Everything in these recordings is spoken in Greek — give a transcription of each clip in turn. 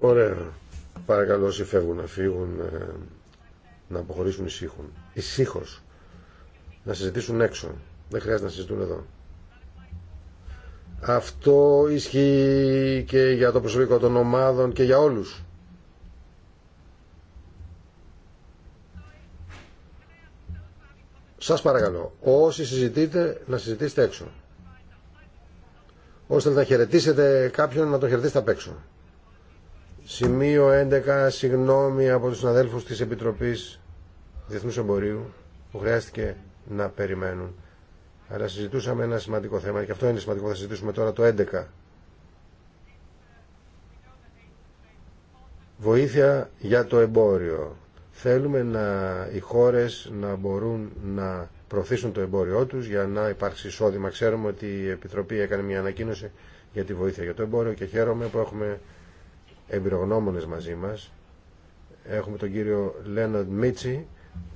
Ωραία. Παρακαλώ όσοι φεύγουν να φύγουν, ε, να αποχωρήσουν ησύχων. Ησύχως. Να συζητήσουν έξω. Δεν χρειάζεται να συζητούν εδώ. Αυτό ισχύει και για το προσωπικό των ομάδων και για όλους. Σας παρακαλώ, όσοι συζητείτε, να συζητήσετε έξω. Ώστε να χαιρετήσετε κάποιον, να τον χαιρετήσετε απ' έξω. Σημείο 11, συγγνώμη από τους συναδέλφους της Επιτροπής Διεθνούς Εμπορίου που χρειάστηκε να περιμένουν. Αλλά συζητούσαμε ένα σημαντικό θέμα και αυτό είναι σημαντικό, θα συζητήσουμε τώρα το 11. Βοήθεια για το εμπόριο. Θέλουμε να, οι χώρες να μπορούν να προωθήσουν το εμπόριό τους για να υπάρξει εισόδημα. Ξέρουμε ότι η Επιτροπή έκανε μια ανακοίνωση για τη βοήθεια για το εμπόριο και χαίρομαι που έχουμε εμπειρογνώμονες μαζί μας. Έχουμε τον κύριο Λένοντ Μίτσι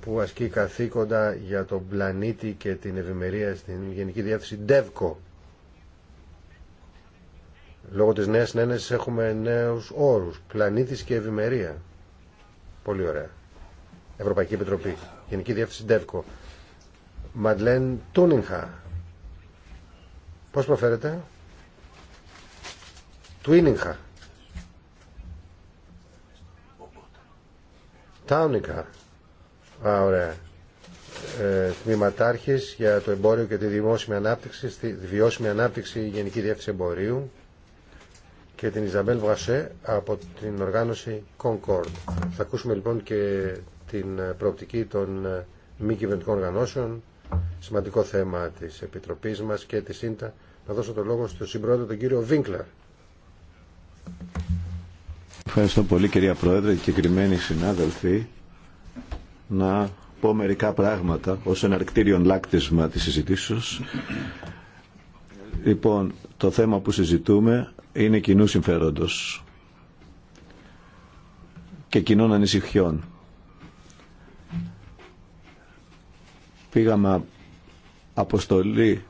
που ασκεί καθήκοντα για τον πλανήτη και την ευημερία στην Γενική Διάθεση ΔΕΒΚΟ. Λόγω της νέας συνένεσης έχουμε νέους όρους. Πλανήτης και ευημερία. Πολύ ωραία. Ευρωπαϊκή Επιτροπή. Γενική Διεύθυνση ΔΕΒΚΟ. Μαντλέν Τούνιγχα. Πώς προφέρετε? Τουίνιγχα. Τάουνικα. Α, ωραία. Ε, για το εμπόριο και τη δημόσια ανάπτυξη, στη βιώσιμη ανάπτυξη Γενική Διεύθυνση Εμπορίου και την Ιζαμπέλ Βασέ από την οργάνωση Concord. Θα ακούσουμε λοιπόν και την προοπτική των ε, μη κυβερνητικών οργανώσεων, σημαντικό θέμα της Επιτροπής μας και τη ΣΥΝΤΑ. Να δώσω το λόγο στον συμπρόεδρο τον κύριο Βίνκλαρ. Ευχαριστώ πολύ κυρία Πρόεδρε και κρυμμένοι συνάδελφοι να πω μερικά πράγματα ως ένα λάκτισμα της συζητήσεως. Λοιπόν, το θέμα που συζητούμε είναι κοινού συμφέροντος και κοινών ανησυχιών. Πήγαμε αποστολή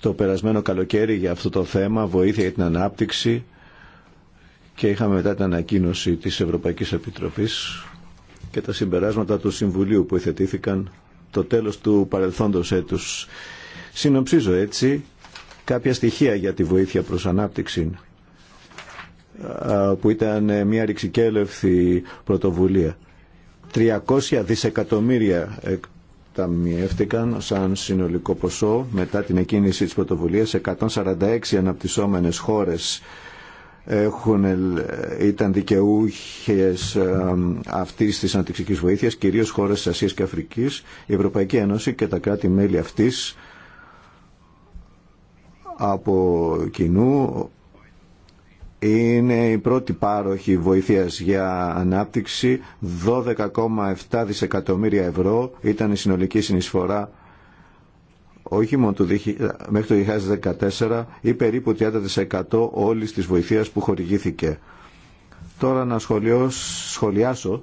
το περασμένο καλοκαίρι για αυτό το θέμα, βοήθεια για την ανάπτυξη και είχαμε μετά την ανακοίνωση της Ευρωπαϊκής Επιτροπής και τα συμπεράσματα του Συμβουλίου που υθετήθηκαν το τέλος του παρελθόντος έτους. Συνοψίζω έτσι κάποια στοιχεία για τη βοήθεια προς ανάπτυξη που ήταν μια ρηξικέλευθη πρωτοβουλία. 300 δισεκατομμύρια ταμιεύτηκαν σαν συνολικό ποσό μετά την εκκίνηση της πρωτοβουλίας 146 αναπτυσσόμενες χώρες έχουν, ε, ήταν δικαιούχες ε, αυτής της αναπτυξικής βοήθειας, κυρίως χώρες της Ασίας και Αφρικής. Η Ευρωπαϊκή Ένωση και τα κράτη-μέλη αυτής από κοινού είναι η πρώτη πάροχη βοήθειας για ανάπτυξη. 12,7 δισεκατομμύρια ευρώ ήταν η συνολική συνεισφορά όχι μόνο μέχρι το 2014 ή περίπου 30% όλης της βοηθείας που χορηγήθηκε. Τώρα να σχολιάσω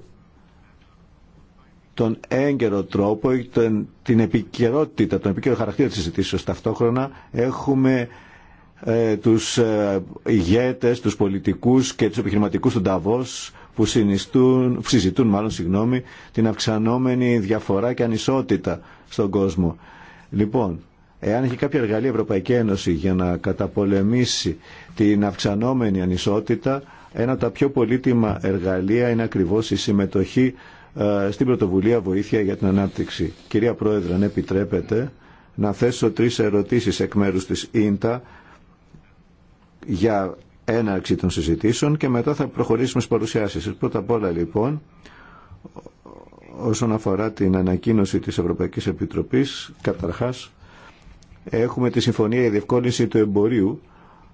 τον έγκαιρο τρόπο ή τον, την επικαιρότητα, τον επικαιρό χαρακτήρα της συζητήσεως. Ταυτόχρονα έχουμε ε, τους ε, ηγέτες, τους πολιτικούς και τους επιχειρηματικούς του Νταβός που, συνιστούν, που συζητούν μάλλον, συγγνώμη, την αυξανόμενη διαφορά και ανισότητα στον κόσμο. Λοιπόν, εάν έχει κάποια εργαλεία η Ευρωπαϊκή Ένωση για να καταπολεμήσει την αυξανόμενη ανισότητα, ένα από τα πιο πολύτιμα εργαλεία είναι ακριβώς η συμμετοχή ε, στην πρωτοβουλία Βοήθεια για την Ανάπτυξη. Κυρία Πρόεδρε, αν επιτρέπετε, να θέσω τρεις ερωτήσεις εκ μέρους της ΙΝΤΑ για έναρξη των συζητήσεων και μετά θα προχωρήσουμε στις παρουσιάσεις. Πρώτα απ' όλα λοιπόν, όσον αφορά την ανακοίνωση της Ευρωπαϊκής Επιτροπής, καταρχάς έχουμε τη Συμφωνία για Διευκόλυνση του Εμπορίου,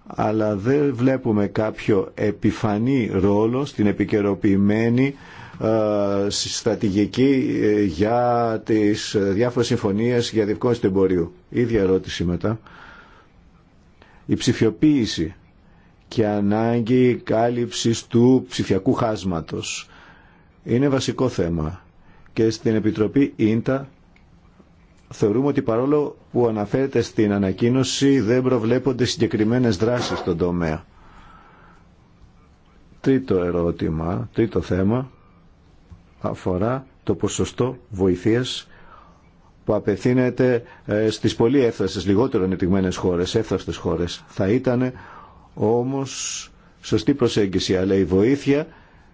αλλά δεν βλέπουμε κάποιο επιφανή ρόλο στην επικαιροποιημένη ε, στρατηγική ε, για τις διάφορες συμφωνίες για διευκόλυνση του εμπορίου. Ίδια ερώτηση μετά. Η ψηφιοποίηση και ανάγκη κάλυψης του ψηφιακού χάσματος είναι βασικό θέμα και στην Επιτροπή ΙΝΤΑ θεωρούμε ότι παρόλο που αναφέρεται στην ανακοίνωση δεν προβλέπονται συγκεκριμένες δράσεις στον τομέα. Τρίτο ερώτημα, τρίτο θέμα αφορά το ποσοστό βοηθείας που απευθύνεται ε, στις πολύ έφθαστες, λιγότερο ανεπτυγμένες χώρες, έφθαστες χώρες. Θα ήταν όμως σωστή προσέγγιση, αλλά η βοήθεια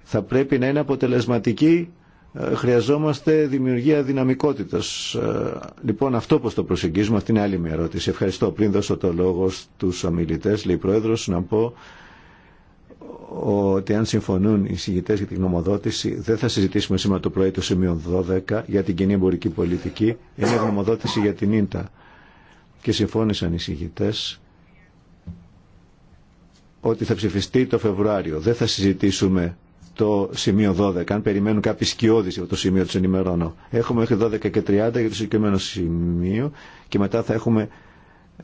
θα πρέπει να είναι αποτελεσματική ε, χρειαζόμαστε δημιουργία δυναμικότητας. Ε, λοιπόν, αυτό πώς το προσεγγίζουμε, αυτή είναι άλλη μια ερώτηση. Ευχαριστώ. Πριν δώσω το λόγο στους ομιλητέ, λέει η Πρόεδρος, να πω ότι αν συμφωνούν οι συγητέ για την γνωμοδότηση, δεν θα συζητήσουμε σήμερα το πρωί το σημείο 12 για την κοινή εμπορική πολιτική. Είναι γνωμοδότηση για την ίντα. Και συμφώνησαν οι συγητέ ότι θα ψηφιστεί το Φεβρουάριο. Δεν θα συζητήσουμε το σημείο 12. Αν περιμένουν κάποιοι σκιώδη από το σημείο του ενημερώνω. Έχουμε μέχρι 12 και 30 για το συγκεκριμένο σημείο και μετά θα έχουμε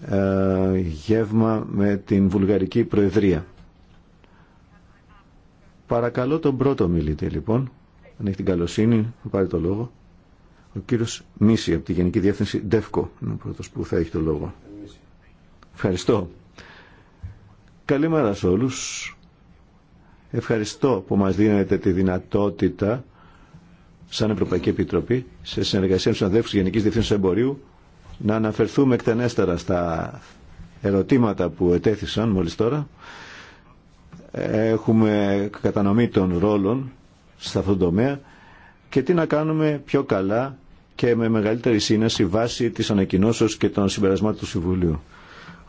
ε, γεύμα με την Βουλγαρική Προεδρία. Παρακαλώ τον πρώτο μιλήτη λοιπόν, αν έχει την καλοσύνη, να πάρει το λόγο. Ο κύριος Μίση από τη Γενική Διεύθυνση ΔΕΦΚΟ είναι ο που θα έχει το λόγο. Ευχαριστώ. Καλημέρα σε όλους. Ευχαριστώ που μας δίνετε τη δυνατότητα σαν Ευρωπαϊκή Επιτροπή σε συνεργασία με τους αδέλφους Γενικής Διευθύνσης Εμπορίου να αναφερθούμε εκτενέστερα στα ερωτήματα που ετέθησαν μόλις τώρα. Έχουμε κατανομή των ρόλων σε αυτόν τον τομέα και τι να κάνουμε πιο καλά και με μεγαλύτερη σύνεση βάσει της ανακοινώσεως και των συμπερασμάτων του Συμβουλίου.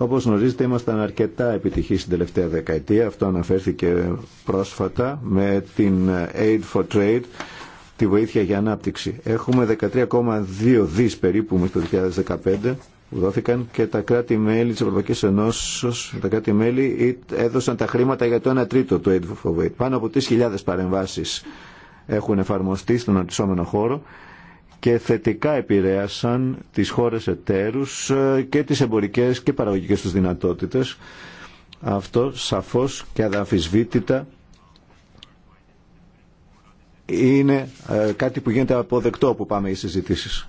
Όπως γνωρίζετε ήμασταν αρκετά επιτυχείς στην τελευταία δεκαετία. Αυτό αναφέρθηκε πρόσφατα με την Aid for Trade, τη βοήθεια για ανάπτυξη. Έχουμε 13,2 δις περίπου μέχρι το 2015 που δόθηκαν και τα κράτη-μέλη της Ευρωπαϊκής Ενώσης τα κράτη-μέλη έδωσαν τα χρήματα για το 1 τρίτο του Aid for Trade. Πάνω από 3.000 παρεμβάσεις έχουν εφαρμοστεί στον αντισώμενο χώρο και θετικά επηρέασαν τις χώρες εταίρους ε, και τις εμπορικές και παραγωγικές τους δυνατότητες. Αυτό σαφώς και αδαμφισβήτητα είναι ε, κάτι που γίνεται αποδεκτό που πάμε οι συζητήσεις.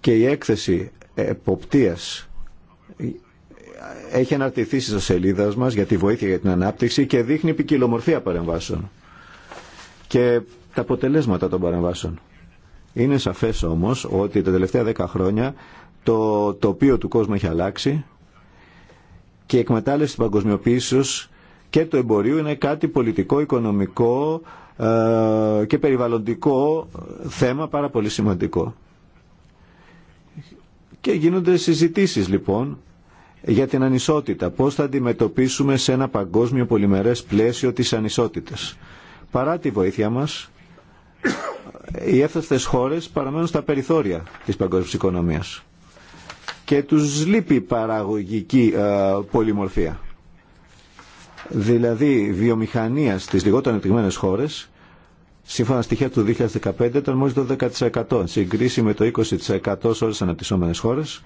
Και η έκθεση εποπτείας έχει αναρτηθεί στις σελίδα μας για τη βοήθεια για την ανάπτυξη και δείχνει ποικιλομορφία παρεμβάσεων. Και τα αποτελέσματα των παρεμβάσεων. Είναι σαφές όμως ότι τα τελευταία δέκα χρόνια το τοπίο του κόσμου έχει αλλάξει και η εκμετάλλευση της παγκοσμιοποίησης και του εμπορίου είναι κάτι πολιτικό, οικονομικό ε, και περιβαλλοντικό θέμα πάρα πολύ σημαντικό. Και γίνονται συζητήσεις λοιπόν για την ανισότητα. Πώς θα αντιμετωπίσουμε σε ένα παγκόσμιο πολυμερές πλαίσιο τις ανισότητες. Παρά τη βοήθεια μας, οι έφταστες χώρες παραμένουν στα περιθώρια της παγκόσμιας οικονομίας και τους λείπει παραγωγική ε, πολυμορφία. Δηλαδή, βιομηχανία στις λιγότερο ανεπτυγμένες χώρες, σύμφωνα στοιχεία του 2015, ήταν μόλις το 10%, συγκρίση με το 20% σε όλες τι αναπτυσσόμενες χώρες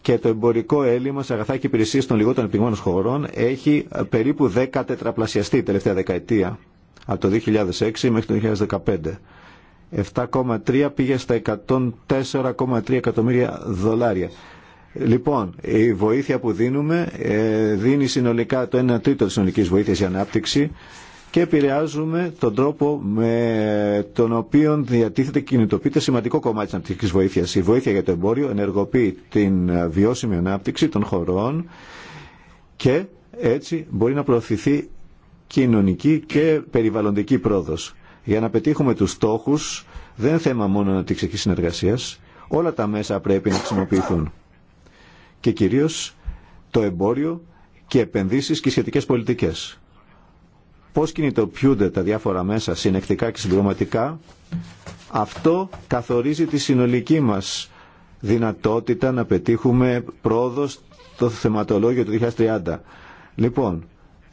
και το εμπορικό έλλειμμα σε αγαθά και υπηρεσίες των λιγότερων ανεπτυγμένων χωρών έχει ε, περίπου 10 τετραπλασιαστεί τελευταία δεκαετία από το 2006 μέχρι το 2015. 7,3 πήγε στα 104,3 εκατομμύρια δολάρια. Λοιπόν, η βοήθεια που δίνουμε ε, δίνει συνολικά το 1 τρίτο της συνολικής βοήθειας για ανάπτυξη και επηρεάζουμε τον τρόπο με τον οποίο διατίθεται και κινητοποιείται σημαντικό κομμάτι της αναπτυξικής βοήθειας. Η βοήθεια για το εμπόριο ενεργοποιεί την βιώσιμη ανάπτυξη των χωρών και έτσι μπορεί να προωθηθεί κοινωνική και περιβαλλοντική πρόοδος. Για να πετύχουμε τους στόχους δεν είναι θέμα μόνο αναπτυξιακής συνεργασίας, όλα τα μέσα πρέπει να χρησιμοποιηθούν. Και κυρίως το εμπόριο και επενδύσεις και σχετικές πολιτικές. Πώς κινητοποιούνται τα διάφορα μέσα συνεκτικά και συμπληρωματικά, αυτό καθορίζει τη συνολική μας δυνατότητα να πετύχουμε πρόοδο στο θεματολόγιο του 2030. Λοιπόν,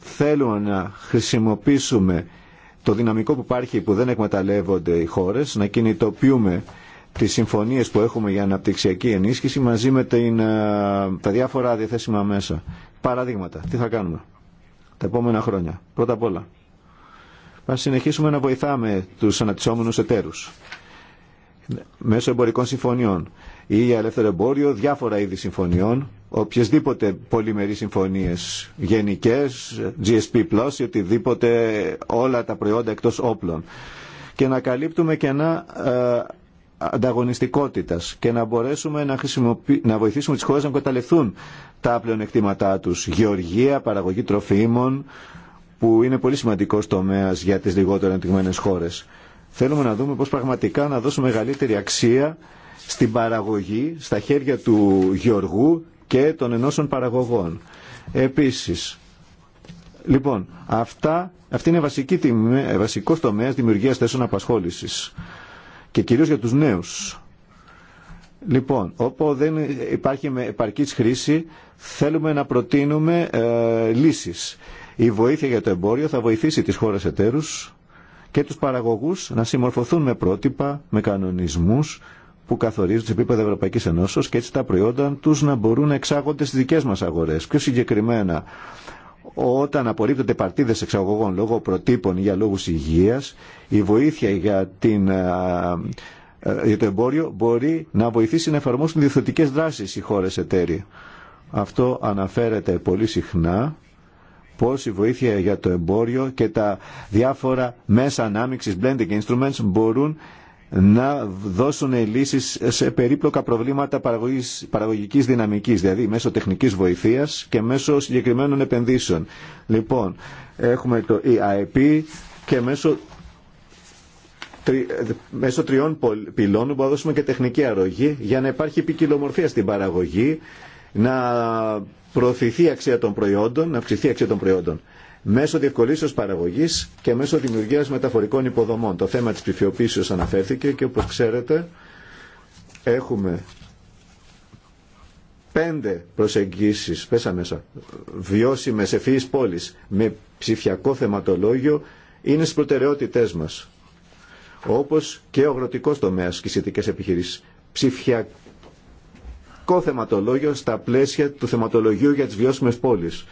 θέλουμε να χρησιμοποιήσουμε το δυναμικό που υπάρχει που δεν εκμεταλλεύονται οι χώρες, να κινητοποιούμε τις συμφωνίες που έχουμε για αναπτυξιακή ενίσχυση μαζί με την, ε, τα διάφορα διαθέσιμα μέσα. Παραδείγματα. Τι θα κάνουμε τα επόμενα χρόνια. Πρώτα απ' όλα. Να συνεχίσουμε να βοηθάμε τους αναπτυσσόμενους εταίρους μέσω εμπορικών συμφωνιών ή για ελεύθερο εμπόριο, διάφορα είδη συμφωνιών οποιασδήποτε πολυμερείς συμφωνίες γενικές, GSP+, ή οτιδήποτε όλα τα προϊόντα εκτός όπλων και να καλύπτουμε κενά ε, ανταγωνιστικότητας και να μπορέσουμε να, να βοηθήσουμε τις χώρες να καταλευθούν τα πλεονεκτήματά τους. Γεωργία, παραγωγή τροφίμων, που είναι πολύ σημαντικός τομέας για τις λιγότερο ανεπτυγμένες χώρες. Θέλουμε να δούμε πώς πραγματικά να δώσουμε μεγαλύτερη αξία στην παραγωγή στα χέρια του γεωργού και των ενώσεων παραγωγών. Επίσης, λοιπόν, αυτά, αυτή είναι βασική τιμή, βασικός τομέας δημιουργίας θέσεων απασχόλησης και κυρίως για τους νέους. Λοιπόν, όπου δεν υπάρχει με επαρκής χρήση, θέλουμε να προτείνουμε ε, λύσεις. Η βοήθεια για το εμπόριο θα βοηθήσει τις χώρες εταίρους και τους παραγωγούς να συμμορφωθούν με πρότυπα, με κανονισμούς που καθορίζουν σε επίπεδο Ευρωπαϊκή Ενώσεω και έτσι τα προϊόντα του να μπορούν να εξάγονται στι δικέ μα αγορέ. Πιο συγκεκριμένα, όταν απορρίπτονται παρτίδε εξαγωγών λόγω προτύπων για λόγου υγεία, η βοήθεια για, την, ε, το εμπόριο μπορεί να βοηθήσει να εφαρμόσουν διευθυντικέ δράσει οι χώρε εταίροι. Αυτό αναφέρεται πολύ συχνά πώς η βοήθεια για το εμπόριο και τα διάφορα μέσα ανάμειξης blending instruments μπορούν να δώσουν λύσει σε περίπλοκα προβλήματα παραγωγική παραγωγικής δυναμικής, δηλαδή μέσω τεχνικής βοηθείας και μέσω συγκεκριμένων επενδύσεων. Λοιπόν, έχουμε το EIP και μέσω, μέσω τριών πυλών που θα δώσουμε και τεχνική αρρωγή για να υπάρχει ποικιλομορφία στην παραγωγή, να προωθηθεί η αξία των προϊόντων, να αυξηθεί η αξία των προϊόντων μέσω διευκολύνσεως παραγωγής και μέσω δημιουργίας μεταφορικών υποδομών. Το θέμα της ψηφιοποίησης αναφέρθηκε και όπως ξέρετε έχουμε πέντε προσεγγίσεις, πέσα μέσα, βιώσιμες ευφυείς πόλης με ψηφιακό θεματολόγιο είναι στις προτεραιότητές μας. Όπως και ο αγροτικός τομέας και οι σχετικέ επιχειρήσεις. Ψηφιακό θεματολόγιο στα πλαίσια του θεματολογίου για τις βιώσιμες πόλεις.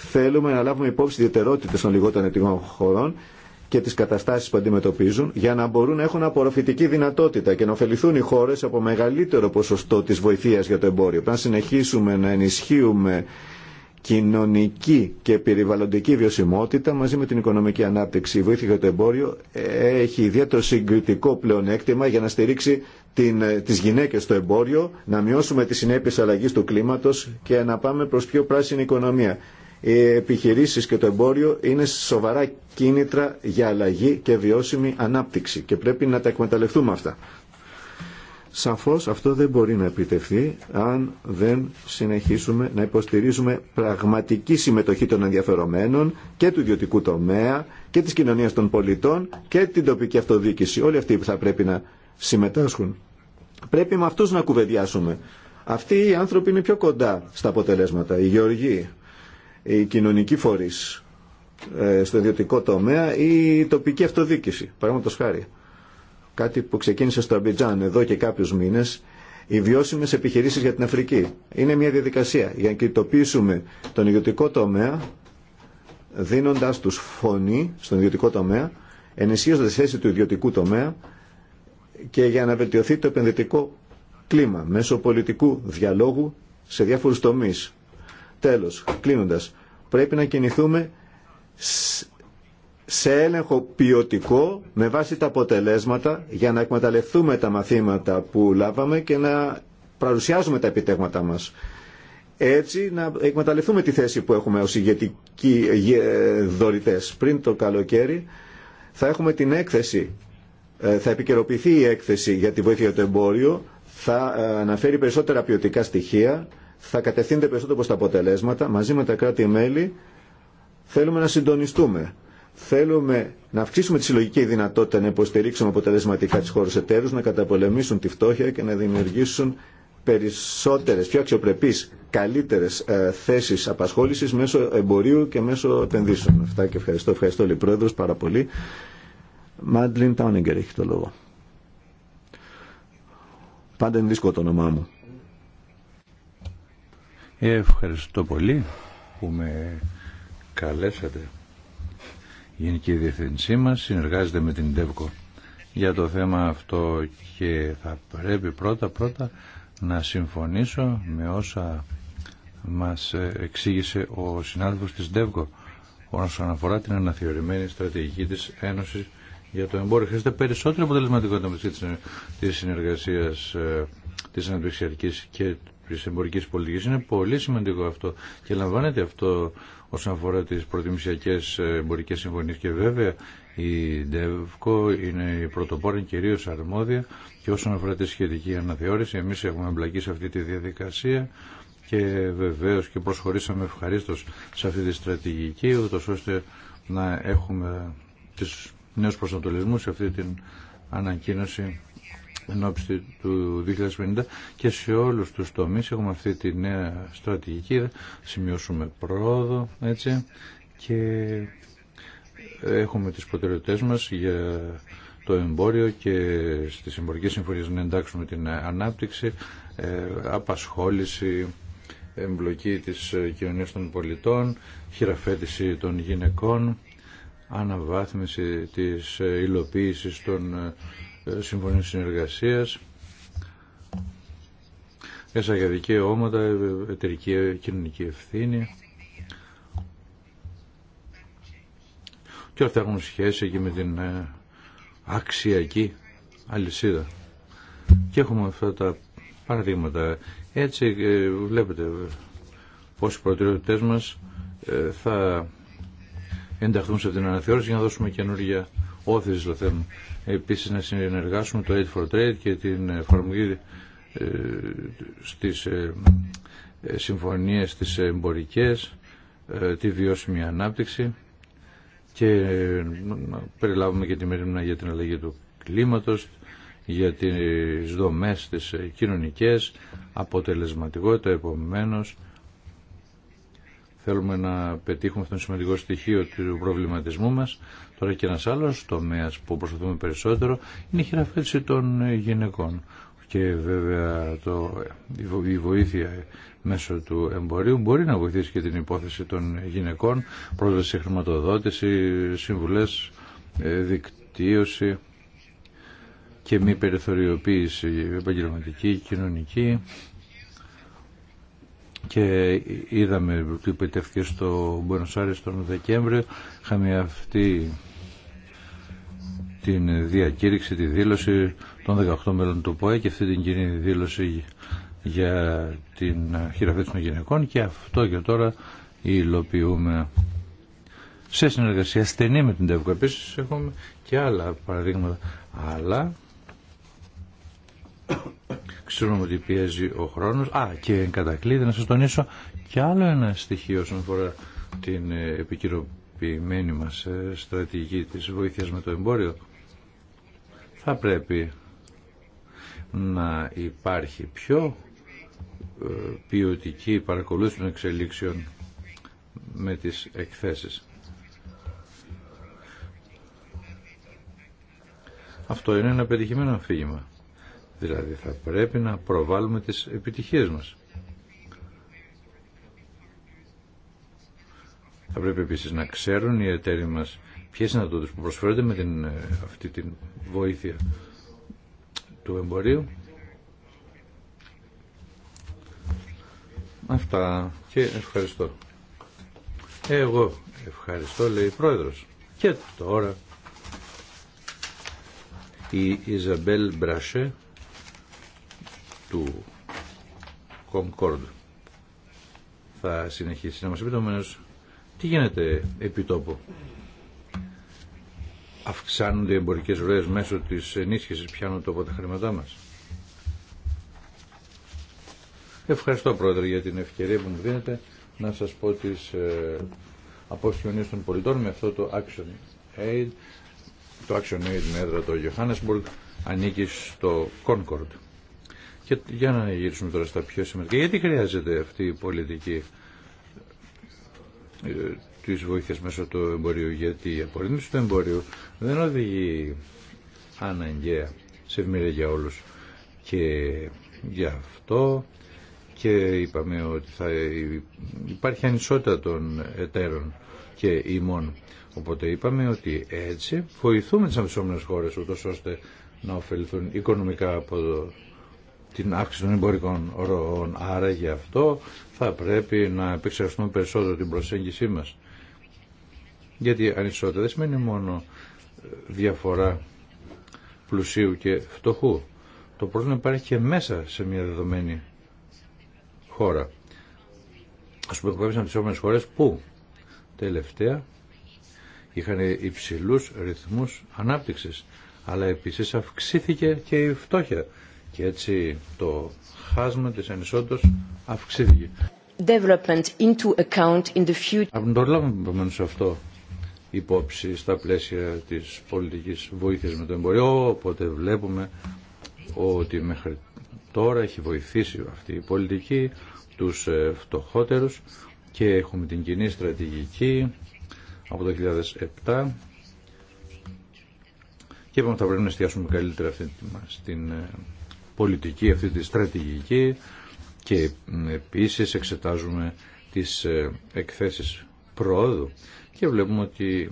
Θέλουμε να λάβουμε υπόψη ιδιαιτερότητε των λιγότερων ετοιμών χωρών και τι καταστάσει που αντιμετωπίζουν για να μπορούν να έχουν απορροφητική δυνατότητα και να ωφεληθούν οι χώρε από μεγαλύτερο ποσοστό τη βοήθεια για το εμπόριο. Πρέπει να συνεχίσουμε να ενισχύουμε κοινωνική και περιβαλλοντική βιωσιμότητα μαζί με την οικονομική ανάπτυξη. Η βοήθεια για το εμπόριο έχει ιδιαίτερο συγκριτικό πλεονέκτημα για να στηρίξει την, τις γυναίκες στο εμπόριο, να μειώσουμε τις συνέπειε αλλαγή του κλίματος και να πάμε προς πιο πράσινη οικονομία. Οι επιχειρήσεις και το εμπόριο είναι σοβαρά κίνητρα για αλλαγή και βιώσιμη ανάπτυξη και πρέπει να τα εκμεταλλευτούμε αυτά. Σαφώς αυτό δεν μπορεί να επιτευχθεί αν δεν συνεχίσουμε να υποστηρίζουμε πραγματική συμμετοχή των ενδιαφερομένων και του ιδιωτικού τομέα και της κοινωνίας των πολιτών και την τοπική αυτοδιοίκηση. Όλοι αυτοί που θα πρέπει να συμμετάσχουν. Πρέπει με αυτούς να κουβεντιάσουμε. Αυτοί οι άνθρωποι είναι πιο κοντά στα αποτελέσματα. Οι γεωργοί, οι κοινωνικοί φορεί ε, στο ιδιωτικό τομέα ή η τοπική αυτοδίκηση, παραδείγματο χάρη. Κάτι που ξεκίνησε στο Αμπιτζάν εδώ και κάποιου μήνε, οι βιώσιμε επιχειρήσει για την Αφρική. Είναι μια διαδικασία για να κινητοποιήσουμε τον ιδιωτικό τομέα, δίνοντα του φωνή στον ιδιωτικό τομέα, ενισχύοντα τη θέση του ιδιωτικού τομέα και για να βελτιωθεί το επενδυτικό κλίμα μέσω πολιτικού διαλόγου σε διάφορου τομεί. Τέλος, κλείνοντα πρέπει να κινηθούμε σε έλεγχο ποιοτικό με βάση τα αποτελέσματα για να εκμεταλλευτούμε τα μαθήματα που λάβαμε και να παρουσιάζουμε τα επιτέγματα μας. Έτσι να εκμεταλλευτούμε τη θέση που έχουμε ως ηγετικοί ε, δωρητές. Πριν το καλοκαίρι θα έχουμε την έκθεση, ε, θα επικαιροποιηθεί η έκθεση για τη βοήθεια του εμπόριου, εμπόριο, θα ε, αναφέρει περισσότερα ποιοτικά στοιχεία θα κατευθύνεται περισσότερο προς τα αποτελέσματα. Μαζί με τα κράτη-μέλη θέλουμε να συντονιστούμε. Θέλουμε να αυξήσουμε τη συλλογική δυνατότητα να υποστηρίξουμε αποτελεσματικά τις χώρες εταίρους, να καταπολεμήσουν τη φτώχεια και να δημιουργήσουν περισσότερες, πιο αξιοπρεπείς, καλύτερες ε, θέσεις απασχόλησης μέσω εμπορίου και μέσω επενδύσεων. Αυτά και ευχαριστώ. Ευχαριστώ, όλοι Πρόεδρος, πάρα πολύ. Μάντλιν Τάουνιγκερ έχει το λόγο. Πάντα είναι δύσκολο το όνομά μου. Ευχαριστώ πολύ που με καλέσατε. Η Γενική Διευθυνσή μας συνεργάζεται με την ΤΕΒΚΟ για το θέμα αυτό και θα πρέπει πρώτα πρώτα να συμφωνήσω με όσα μας εξήγησε ο συνάδελφος της ΤΕΒΚΟ όσον αφορά την αναθεωρημένη στρατηγική της Ένωσης για το εμπόριο. Χρειάζεται περισσότερη αποτελεσματικότητα της συνεργασίας ε, της αναπτυξιακής και της εμπορικής πολιτικής. Είναι πολύ σημαντικό αυτό και λαμβάνεται αυτό όσον αφορά τις προτιμησιακές εμπορικές συμφωνίες και βέβαια η ΔΕΒΚΟ είναι η πρωτοπόρη κυρίως αρμόδια και όσον αφορά τη σχετική αναθεώρηση εμείς έχουμε εμπλακεί σε αυτή τη διαδικασία και βεβαίως και προσχωρήσαμε ευχαρίστως σε αυτή τη στρατηγική ούτως ώστε να έχουμε τις νέους προσανατολισμούς σε αυτή την ανακοίνωση εν του 2050 και σε όλους τους τομείς έχουμε αυτή τη νέα στρατηγική, ε, σημειώσουμε πρόοδο έτσι και έχουμε τις προτεραιότητές μας για το εμπόριο και στις εμπορικές συμφωνίες να εντάξουμε την ανάπτυξη, ε, απασχόληση, εμπλοκή της ε, κοινωνίας των πολιτών, χειραφέτηση των γυναικών, αναβάθμιση της υλοποίησης των ε, συμφωνίες συνεργασίας, μέσα για δικαιώματα, ε, εταιρική ε, κοινωνική ευθύνη. Και αυτά έχουν σχέση και με την αξιακή αλυσίδα. Και έχουμε αυτά τα παραδείγματα. Έτσι βλέπετε πώς οι προτεραιότητές μας θα ενταχθούν σε αυτήν την αναθεώρηση για να δώσουμε καινούργια όθηση στο θέμα. Επίσης να συνεργάσουμε το Aid for Trade και την εφαρμογή ε, στις ε, ε, συμφωνίες τις εμπορικές, τη βιώσιμη ανάπτυξη και περιλάβουμε και τη μερίμνα για την αλλαγή του κλίματος, για τις δομές τις κοινωνικές, αποτελεσματικότητα επομένως. Θέλουμε να πετύχουμε αυτό το σημαντικό στοιχείο του προβληματισμού μας, Τώρα και ένας άλλος τομέας που προσπαθούμε περισσότερο είναι η χειραφέτηση των γυναικών και βέβαια το, η βοήθεια μέσω του εμπορίου μπορεί να βοηθήσει και την υπόθεση των γυναικών πρόσβαση σε χρηματοδότηση, συμβουλές, ε, δικτύωση και μη περιθωριοποίηση επαγγελματική, κοινωνική και είδαμε ότι επιτεύχθηκε στο Buenos στον τον Δεκέμβριο. Είχαμε αυτή την διακήρυξη, τη δήλωση των 18 μέλων του ΠΟΕ και αυτή την κοινή δήλωση για την χειραφέτηση των γυναικών και αυτό και τώρα υλοποιούμε σε συνεργασία στενή με την ΤΕΒΚΟ. Επίσης έχουμε και άλλα παραδείγματα. Αλλά Ξέρουμε ότι πιέζει ο χρόνος. Α, και κατακλείδη να σα τονίσω και άλλο ένα στοιχείο όσον αφορά την ε, επικυροποιημένη μας ε, στρατηγική της βοήθειας με το εμπόριο. Θα πρέπει να υπάρχει πιο ε, ποιοτική παρακολούθηση των εξελίξεων με τις εκθέσεις. Αυτό είναι ένα πετυχημένο αφήγημα. Δηλαδή θα πρέπει να προβάλλουμε τις επιτυχίες μας. Θα πρέπει επίσης να ξέρουν οι εταίροι μας ποιες είναι αυτούς που προσφέρονται με την, ε, αυτή την βοήθεια του εμπορίου. Αυτά και ευχαριστώ. Εγώ ευχαριστώ λέει η πρόεδρος. Και τώρα η Ιζαμπέλ Μπρασέ του Concord θα συνεχίσει. Να μας τι γίνεται επί τόπο Αυξάνονται οι εμπορικές ροές μέσω της ενίσχυσης πιάνουν τόπο τα χρήματά μας. Ευχαριστώ Πρόεδρε για την ευκαιρία που μου δίνετε να σας πω τις ε, των πολιτών με αυτό το Action Aid. Το Action Aid με έδρα το Johannesburg ανήκει στο Concord. Και για να γυρίσουμε τώρα στα πιο σημαντικά. Γιατί χρειάζεται αυτή η πολιτική ε, τη βοήθεια μέσω του εμπορίου. Γιατί η απορρίθμιση του εμπορίου δεν οδηγεί αναγκαία σε ευημερία για όλους. Και γι' αυτό και είπαμε ότι θα υπάρχει ανισότητα των εταίρων και ημών. Οπότε είπαμε ότι έτσι βοηθούμε τις αμφισόμενες χώρες ούτως ώστε να ωφεληθούν οικονομικά από την αύξηση των εμπορικών ροών. Άρα γι' αυτό θα πρέπει να επεξεργαστούμε περισσότερο την προσέγγιση μας. Γιατί ανισότητα δεν σημαίνει μόνο ε, διαφορά πλουσίου και φτωχού. Το πρόβλημα υπάρχει και μέσα σε μια δεδομένη χώρα. Α πούμε, τι τις χώρε που τελευταία είχαν υψηλού ρυθμού ανάπτυξη. αλλά επίσης αυξήθηκε και η φτώχεια και έτσι το χάσμα της ανισότητας αυξήθηκε. Development into account in the future. Αν το λάβουμε σε αυτό υπόψη στα πλαίσια της πολιτικής βοήθειας με το εμπορίο, οπότε βλέπουμε ότι μέχρι τώρα έχει βοηθήσει αυτή η πολιτική τους ε, φτωχότερους και έχουμε την κοινή στρατηγική από το 2007 και είπαμε ότι θα πρέπει να εστιάσουμε καλύτερα αυτή την. Ε, πολιτική, αυτή τη στρατηγική και επίσης εξετάζουμε τις ε, εκθέσεις προόδου και βλέπουμε ότι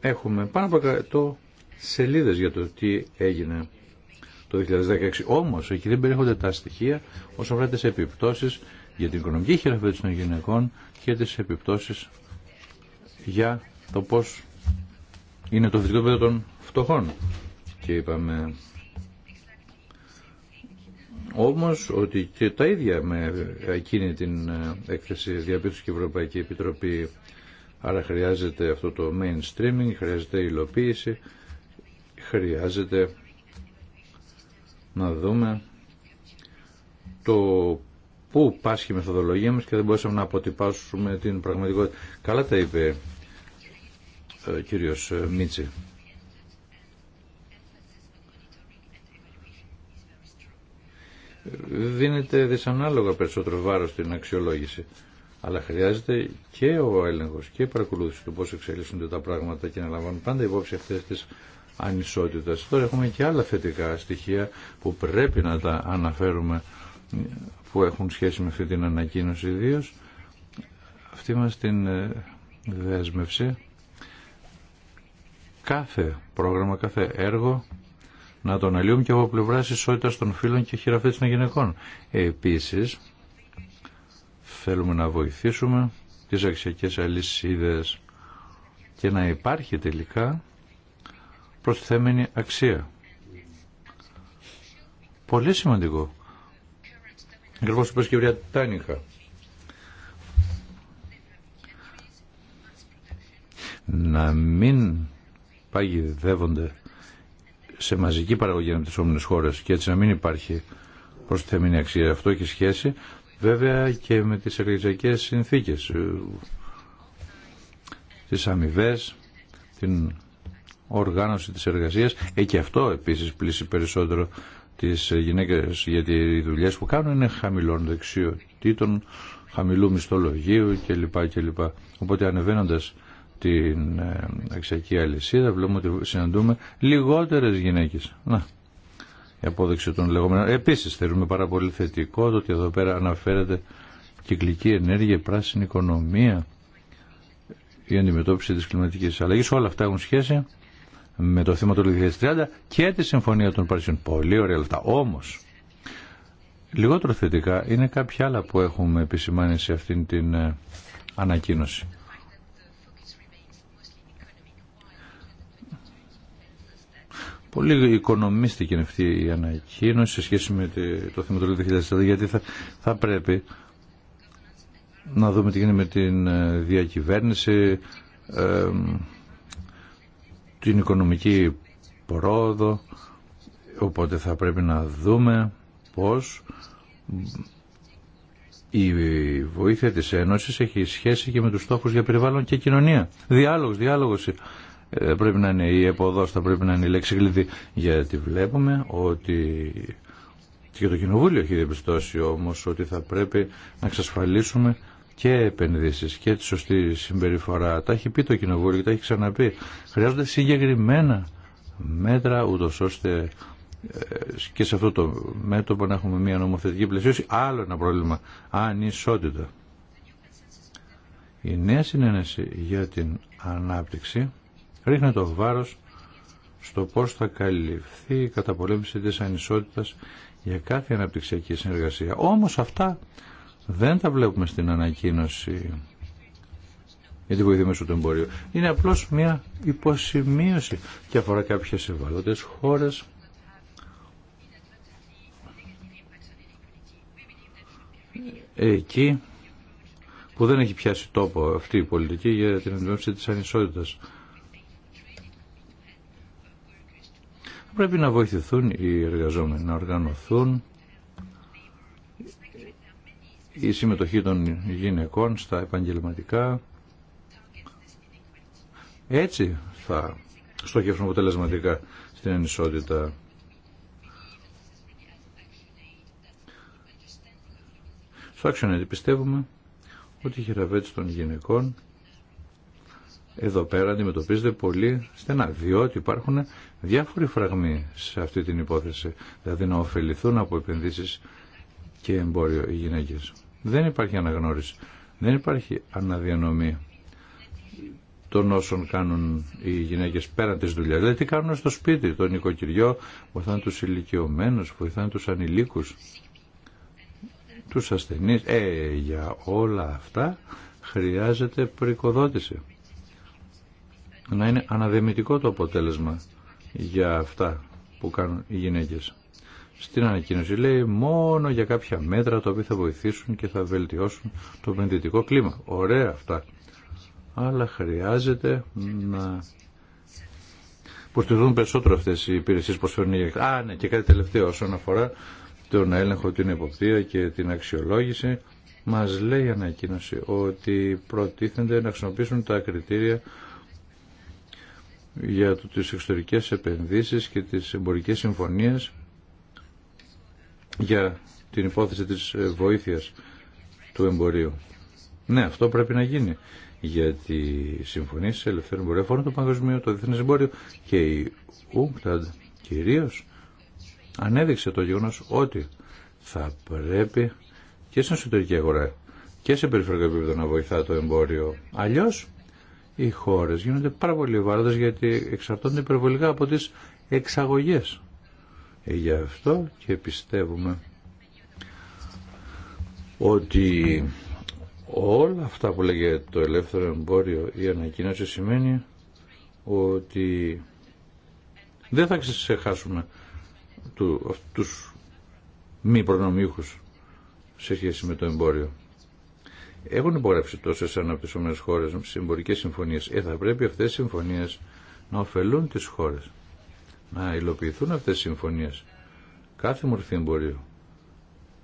έχουμε πάνω από 100 σελίδες για το τι έγινε το 2016. Όμως εκεί δεν περιέχονται τα στοιχεία όσο αφορά τις επιπτώσεις για την οικονομική χειραφέτηση των γυναικών και τις επιπτώσεις για το πώς είναι το δυτικό των φτωχών. Και είπαμε όμως ότι και τα ίδια με εκείνη την ε, έκθεση διαπίστωση και Ευρωπαϊκή Επιτροπή άρα χρειάζεται αυτό το mainstreaming, χρειάζεται υλοποίηση χρειάζεται να δούμε το πού πάσχει η μεθοδολογία μας και δεν μπορούσαμε να αποτυπάσουμε την πραγματικότητα. Καλά τα είπε ο ε, κύριος ε, Μίτσι. δίνεται δυσανάλογα περισσότερο βάρος στην αξιολόγηση. Αλλά χρειάζεται και ο έλεγχος και η παρακολούθηση του πώς εξελίσσονται τα πράγματα και να λαμβάνουν πάντα υπόψη αυτές τις ανισότητες. Τώρα έχουμε και άλλα θετικά στοιχεία που πρέπει να τα αναφέρουμε που έχουν σχέση με αυτή την ανακοίνωση ιδίω. Αυτή μας την ε, δέσμευση κάθε πρόγραμμα, κάθε έργο να τον αναλύουμε και από πλευρά ισότητα των φίλων και χειραφέτηση των γυναικών. Επίση, θέλουμε να βοηθήσουμε τι αξιακέ αλυσίδε και να υπάρχει τελικά προσθέμενη αξία. Πολύ σημαντικό. Ακριβώ όπω και Να μην παγιδεύονται σε μαζική παραγωγή όμορφε χώρε και έτσι να μην υπάρχει προσθεμένη αξία. Αυτό έχει σχέση βέβαια και με τις εργασιακέ συνθήκες, ε, τι αμοιβέ, την οργάνωση της εργασία ε, και αυτό επίσης πλήσει περισσότερο τι γυναίκε γιατί οι δουλειέ που κάνουν είναι χαμηλών δεξιοτήτων, χαμηλού μισθολογίου κλπ. Οπότε ανεβαίνοντα την ε, αξιακή αλυσίδα βλέπουμε ότι συναντούμε λιγότερες γυναίκες. Να, η απόδειξη των λεγόμενων. Επίσης θεωρούμε πάρα πολύ θετικό το ότι εδώ πέρα αναφέρεται κυκλική ενέργεια, πράσινη οικονομία, η αντιμετώπιση της κλιματικής αλλαγής. Όλα αυτά έχουν σχέση με το θύμα του 2030 και τη Συμφωνία των Παρισιών. Πολύ ωραία αυτά. Όμως, λιγότερο θετικά είναι κάποια άλλα που έχουμε επισημάνει σε αυτήν την ε, ανακοίνωση. Πολύ οικονομίστηκε αυτή η ανακοίνωση σε σχέση με το θέμα του 2004 γιατί θα, θα πρέπει να δούμε τι γίνεται με την ε, διακυβέρνηση, την οικονομική πρόοδο, οπότε θα πρέπει να δούμε πώς η βοήθεια της Ένωσης έχει σχέση και με τους στόχους για περιβάλλον και κοινωνία. Διάλογος, διάλογος ε, πρέπει να είναι η εποδός, θα πρέπει να είναι η λέξη κλειδί. Γιατί βλέπουμε ότι και το Κοινοβούλιο έχει διαπιστώσει όμως ότι θα πρέπει να εξασφαλίσουμε και επενδύσεις και τη σωστή συμπεριφορά. Τα έχει πει το Κοινοβούλιο και τα έχει ξαναπεί. Χρειάζονται συγκεκριμένα μέτρα ούτως ώστε ε, και σε αυτό το μέτωπο να έχουμε μια νομοθετική πλαισίωση. Άλλο ένα πρόβλημα. Ανισότητα. Η νέα συνένεση για την ανάπτυξη ρίχνει το βάρος στο πώς θα καλυφθεί η καταπολέμηση της ανισότητας για κάθε αναπτυξιακή συνεργασία. Όμως αυτά δεν τα βλέπουμε στην ανακοίνωση για τη βοήθεια μέσω του εμπορίου. Είναι απλώς μια υποσημείωση και αφορά κάποιες ευαλώτες χώρες εκεί που δεν έχει πιάσει τόπο αυτή η πολιτική για την αντιμετώπιση της ανισότητας. πρέπει να βοηθηθούν οι εργαζόμενοι, να οργανωθούν η συμμετοχή των γυναικών στα επαγγελματικά. Έτσι θα στοχεύσουν αποτελεσματικά στην ανισότητα. Στο Άξιον πιστεύουμε ότι η χειραβέτηση των γυναικών εδώ πέρα αντιμετωπίζεται πολύ στενά, διότι υπάρχουν διάφοροι φραγμοί σε αυτή την υπόθεση, δηλαδή να ωφεληθούν από επενδύσεις και εμπόριο οι γυναίκες. Δεν υπάρχει αναγνώριση, δεν υπάρχει αναδιανομή των όσων κάνουν οι γυναίκες πέραν της δουλειάς. Δηλαδή τι κάνουν στο σπίτι, το νοικοκυριό, βοηθάνε τους ηλικιωμένους, βοηθάνε τους ανηλίκους, τους ασθενείς. Ε, για όλα αυτά χρειάζεται προοικοδότηση. Να είναι αναδεμητικό το αποτέλεσμα για αυτά που κάνουν οι γυναίκες. Στην ανακοίνωση λέει μόνο για κάποια μέτρα τα οποία θα βοηθήσουν και θα βελτιώσουν το πεντητικό κλίμα. Ωραία αυτά. Αλλά χρειάζεται να υποστηριχθούν περισσότερο αυτέ οι υπηρεσίε που προσφέρουν Α, ναι, και κάτι τελευταίο όσον αφορά τον έλεγχο, την εποπτεία και την αξιολόγηση. Μα λέει η ανακοίνωση ότι προτίθενται να χρησιμοποιήσουν τα κριτήρια για τις εξωτερικές επενδύσεις και τις εμπορικές συμφωνίες για την υπόθεση της ε, βοήθειας του εμπορίου. Ναι, αυτό πρέπει να γίνει. Γιατί οι συμφωνίε ελευθερία εμπορία το παγκοσμίο, το διεθνέ εμπόριο και η ΟΥΚΤΑΝΤ κυρίω ανέδειξε το γεγονό ότι θα πρέπει και στην εσωτερική αγορά και σε περιφερειακό επίπεδο να βοηθά το εμπόριο. Αλλιώ οι χώρε γίνονται πάρα πολύ ευάλωτε γιατί εξαρτώνται υπερβολικά από τις εξαγωγέ Ε, γι' αυτό και πιστεύουμε ότι όλα αυτά που λέγεται το ελεύθερο εμπόριο ή ανακοίνωση σημαίνει ότι δεν θα ξεχάσουμε του, τους μη προνομίχους σε σχέση με το εμπόριο έχουν υπογράψει τόσε αναπτυσσόμενε χώρε με συμπορικέ συμφωνίε. Ε, θα πρέπει αυτέ οι συμφωνίε να ωφελούν τι χώρε. Να υλοποιηθούν αυτέ οι συμφωνίε. Κάθε μορφή εμπορίου.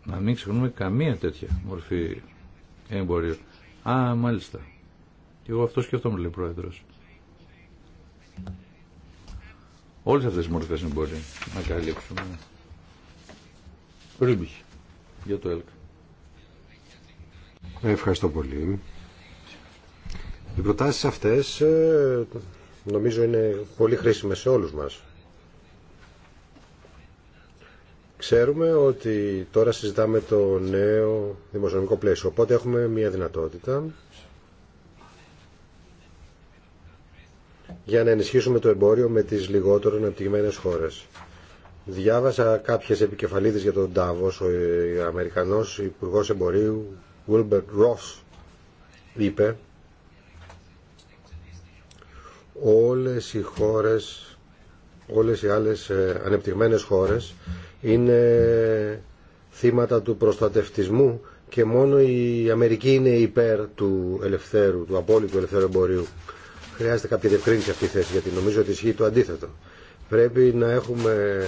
Να μην ξεχνούμε καμία τέτοια μορφή εμπορίου. Α, μάλιστα. Και εγώ αυτό σκεφτόμουν, λέει ο πρόεδρο. Όλε αυτέ τι μορφέ εμπορίου να καλύψουμε. Ρίμπιχ για το ΕΛΚ. Ευχαριστώ πολύ. Οι προτάσεις αυτές ε, νομίζω είναι πολύ χρήσιμες σε όλους μας. Ξέρουμε ότι τώρα συζητάμε το νέο δημοσιονομικό πλαίσιο, οπότε έχουμε μια δυνατότητα για να ενισχύσουμε το εμπόριο με τις λιγότερο αναπτυγμένες χώρες. Διάβασα κάποιες επικεφαλίδες για τον Ντάβος, ο Αμερικανός Υπουργός Εμπορίου Wilbert Ross είπε όλες οι χώρες όλες οι άλλες ε, ανεπτυγμένες χώρες είναι θύματα του προστατευτισμού και μόνο η Αμερική είναι υπέρ του ελευθέρου, του απόλυτου ελευθέρου εμπορίου. Χρειάζεται κάποια διευκρίνηση αυτή η θέση γιατί νομίζω ότι ισχύει το αντίθετο. Πρέπει να έχουμε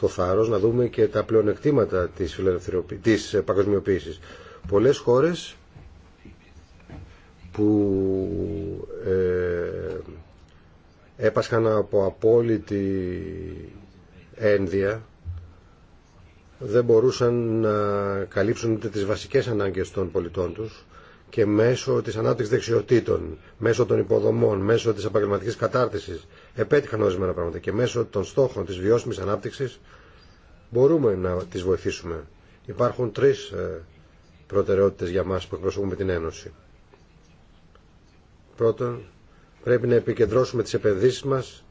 το θάρρος να δούμε και τα πλεονεκτήματα της, της παγκοσμιοποίησης. Πολλές χώρες που ε, έπασχαν από απόλυτη ένδια δεν μπορούσαν να καλύψουν ούτε τις βασικές ανάγκες των πολιτών τους και μέσω της ανάπτυξης δεξιοτήτων, μέσω των υποδομών, μέσω της επαγγελματική κατάρτισης επέτυχαν ορισμένα πράγματα και μέσω των στόχων της βιώσιμης ανάπτυξης μπορούμε να τις βοηθήσουμε. Υπάρχουν τρεις ε, προτεραιότητες για μας που εκπροσωπούμε την Ένωση. Πρώτον, πρέπει να επικεντρώσουμε τις επενδύσεις μας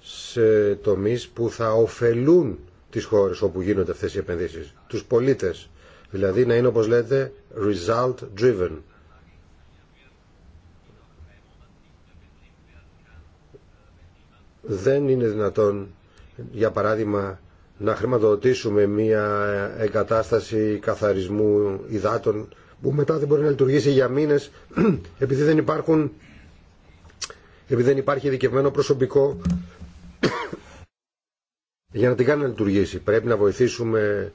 σε τομείς που θα ωφελούν τις χώρες όπου γίνονται αυτές οι επενδύσεις, τους πολίτες. Δηλαδή να είναι όπως λέτε result driven. Δεν είναι δυνατόν, για παράδειγμα, να χρηματοδοτήσουμε μια εγκατάσταση καθαρισμού υδάτων που μετά δεν μπορεί να λειτουργήσει για μήνες επειδή δεν υπάρχουν επειδή δεν υπάρχει ειδικευμένο προσωπικό για να την κάνει να λειτουργήσει. Πρέπει να βοηθήσουμε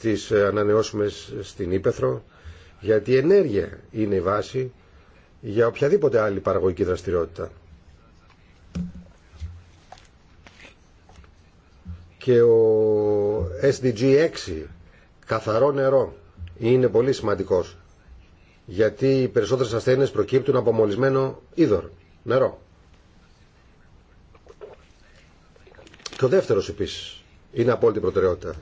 τις ανανεώσιμες στην Ήπεθρο γιατί η ενέργεια είναι η βάση για οποιαδήποτε άλλη παραγωγική δραστηριότητα. και ο SDG 6 καθαρό νερό είναι πολύ σημαντικός γιατί οι περισσότερες ασθένειες προκύπτουν από μολυσμένο είδωρ, νερό. Και ο δεύτερος επίσης είναι απόλυτη προτεραιότητα.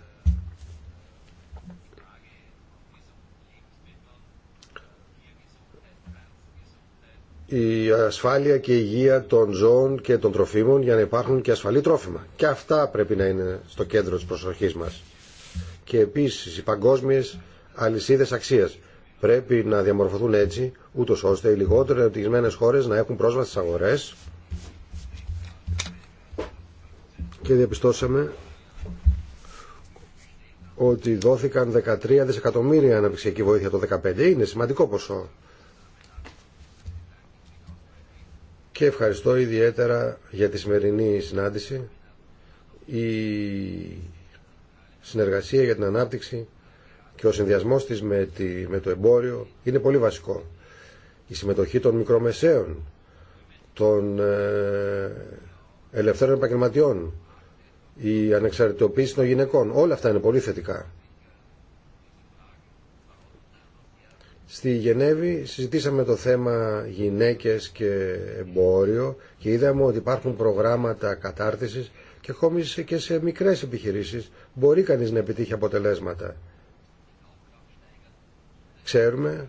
η ασφάλεια και η υγεία των ζώων και των τροφίμων για να υπάρχουν και ασφαλή τρόφιμα. Και αυτά πρέπει να είναι στο κέντρο της προσοχής μας. Και επίσης οι παγκόσμιες αλυσίδες αξίας πρέπει να διαμορφωθούν έτσι ούτως ώστε οι λιγότερο μένες χώρες να έχουν πρόσβαση στις αγορές και διαπιστώσαμε ότι δόθηκαν 13 δισεκατομμύρια αναπτυξιακή βοήθεια το 2015. Είναι σημαντικό ποσό και ευχαριστώ ιδιαίτερα για τη σημερινή συνάντηση. Η συνεργασία για την ανάπτυξη και ο συνδυασμός της με, τη, με το εμπόριο είναι πολύ βασικό. Η συμμετοχή των μικρομεσαίων, των ε, ελευθέρων επαγγελματιών, η ανεξαρτητοποίηση των γυναικών, όλα αυτά είναι πολύ θετικά. Στη Γενέβη συζητήσαμε το θέμα γυναίκες και εμπόριο και είδαμε ότι υπάρχουν προγράμματα κατάρτισης και ακόμη και σε μικρές επιχειρήσεις μπορεί κανείς να επιτύχει αποτελέσματα. Ξέρουμε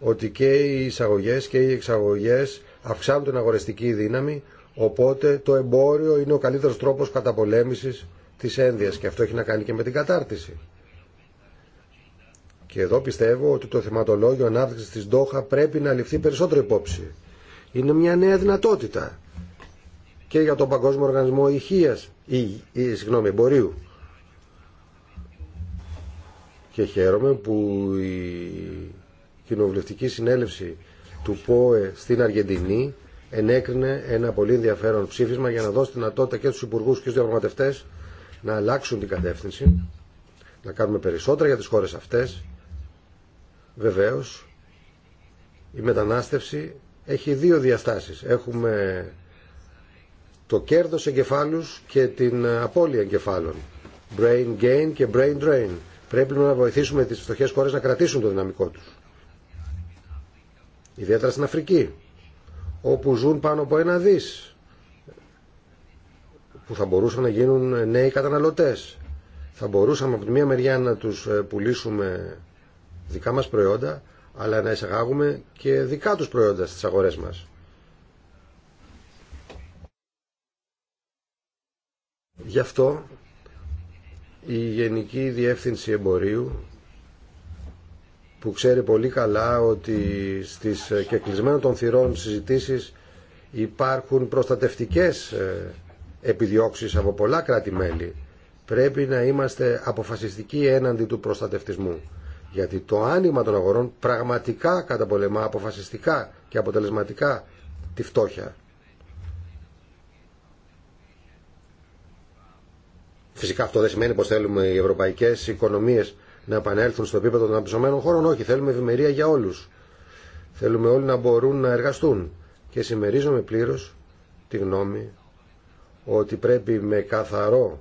ότι και οι εισαγωγές και οι εξαγωγές αυξάνουν την αγορεστική δύναμη, οπότε το εμπόριο είναι ο καλύτερος τρόπος καταπολέμησης της ένδυας και αυτό έχει να κάνει και με την κατάρτιση. Και εδώ πιστεύω ότι το θεματολόγιο ανάπτυξη τη Ντόχα πρέπει να ληφθεί περισσότερο υπόψη. Είναι μια νέα δυνατότητα και για τον Παγκόσμιο Οργανισμό Υγεία ή, συγγνώμη, Εμπορίου. Και χαίρομαι που η κοινοβουλευτική συνέλευση του ΠΟΕ στην Αργεντινή ενέκρινε ένα πολύ ενδιαφέρον ψήφισμα για να δώσει δυνατότητα και στους υπουργούς και στους διαπραγματευτέ να αλλάξουν την κατεύθυνση, να κάνουμε περισσότερα για τις χώρες αυτές Βεβαίως, η μετανάστευση έχει δύο διαστάσεις. Έχουμε το κέρδος εγκεφάλους και την απώλεια εγκεφάλων. Brain gain και brain drain. Πρέπει να βοηθήσουμε τις φτωχές χώρες να κρατήσουν το δυναμικό τους. Ιδιαίτερα στην Αφρική, όπου ζουν πάνω από ένα δις, που θα μπορούσαν να γίνουν νέοι καταναλωτές. Θα μπορούσαμε από τη μία μεριά να τους ε, πουλήσουμε δικά μας προϊόντα, αλλά να εισαγάγουμε και δικά τους προϊόντα στις αγορές μας. Γι' αυτό η Γενική Διεύθυνση Εμπορίου που ξέρει πολύ καλά ότι στις ε, κεκλεισμένων των θυρών συζητήσεις υπάρχουν προστατευτικές ε, επιδιώξεις από πολλά κράτη-μέλη. Πρέπει να είμαστε αποφασιστικοί έναντι του προστατευτισμού. Γιατί το άνοιγμα των αγορών πραγματικά καταπολεμά αποφασιστικά και αποτελεσματικά τη φτώχεια. Φυσικά αυτό δεν σημαίνει πως θέλουμε οι ευρωπαϊκές οικονομίες να επανέλθουν στο επίπεδο των αναπτυσσομένων χώρων. Όχι, θέλουμε ευημερία για όλους. Θέλουμε όλοι να μπορούν να εργαστούν. Και συμμερίζομαι πλήρως τη γνώμη ότι πρέπει με καθαρό,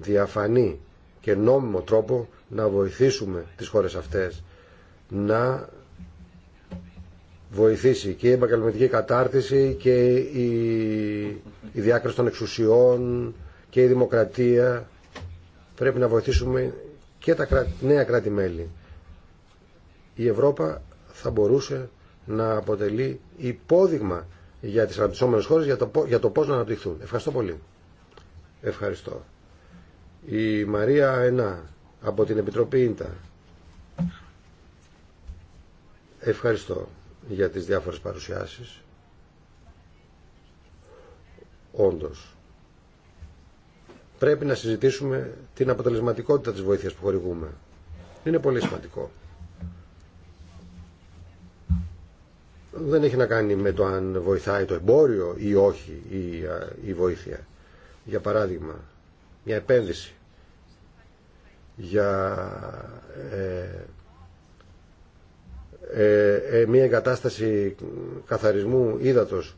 διαφανή και νόμιμο τρόπο να βοηθήσουμε τις χώρες αυτές να βοηθήσει και η επαγγελματική κατάρτιση και η, η διάκριση των εξουσιών και η δημοκρατία πρέπει να βοηθήσουμε και τα νεα νέα κράτη-μέλη. Η Ευρώπα θα μπορούσε να αποτελεί υπόδειγμα για τις αναπτυσσόμενες χώρες για το, για πώς να αναπτυχθούν. Ευχαριστώ πολύ. Ευχαριστώ. Η Μαρία Ενά από την Επιτροπή Ίντα. Ευχαριστώ για τις διάφορες παρουσιάσεις. Όντως, πρέπει να συζητήσουμε την αποτελεσματικότητα της βοήθειας που χορηγούμε. Είναι πολύ σημαντικό. Δεν έχει να κάνει με το αν βοηθάει το εμπόριο ή όχι η, ε, η βοήθεια. Για παράδειγμα, μια επένδυση για ε, ε, ε, μια εγκατάσταση καθαρισμού ύδατος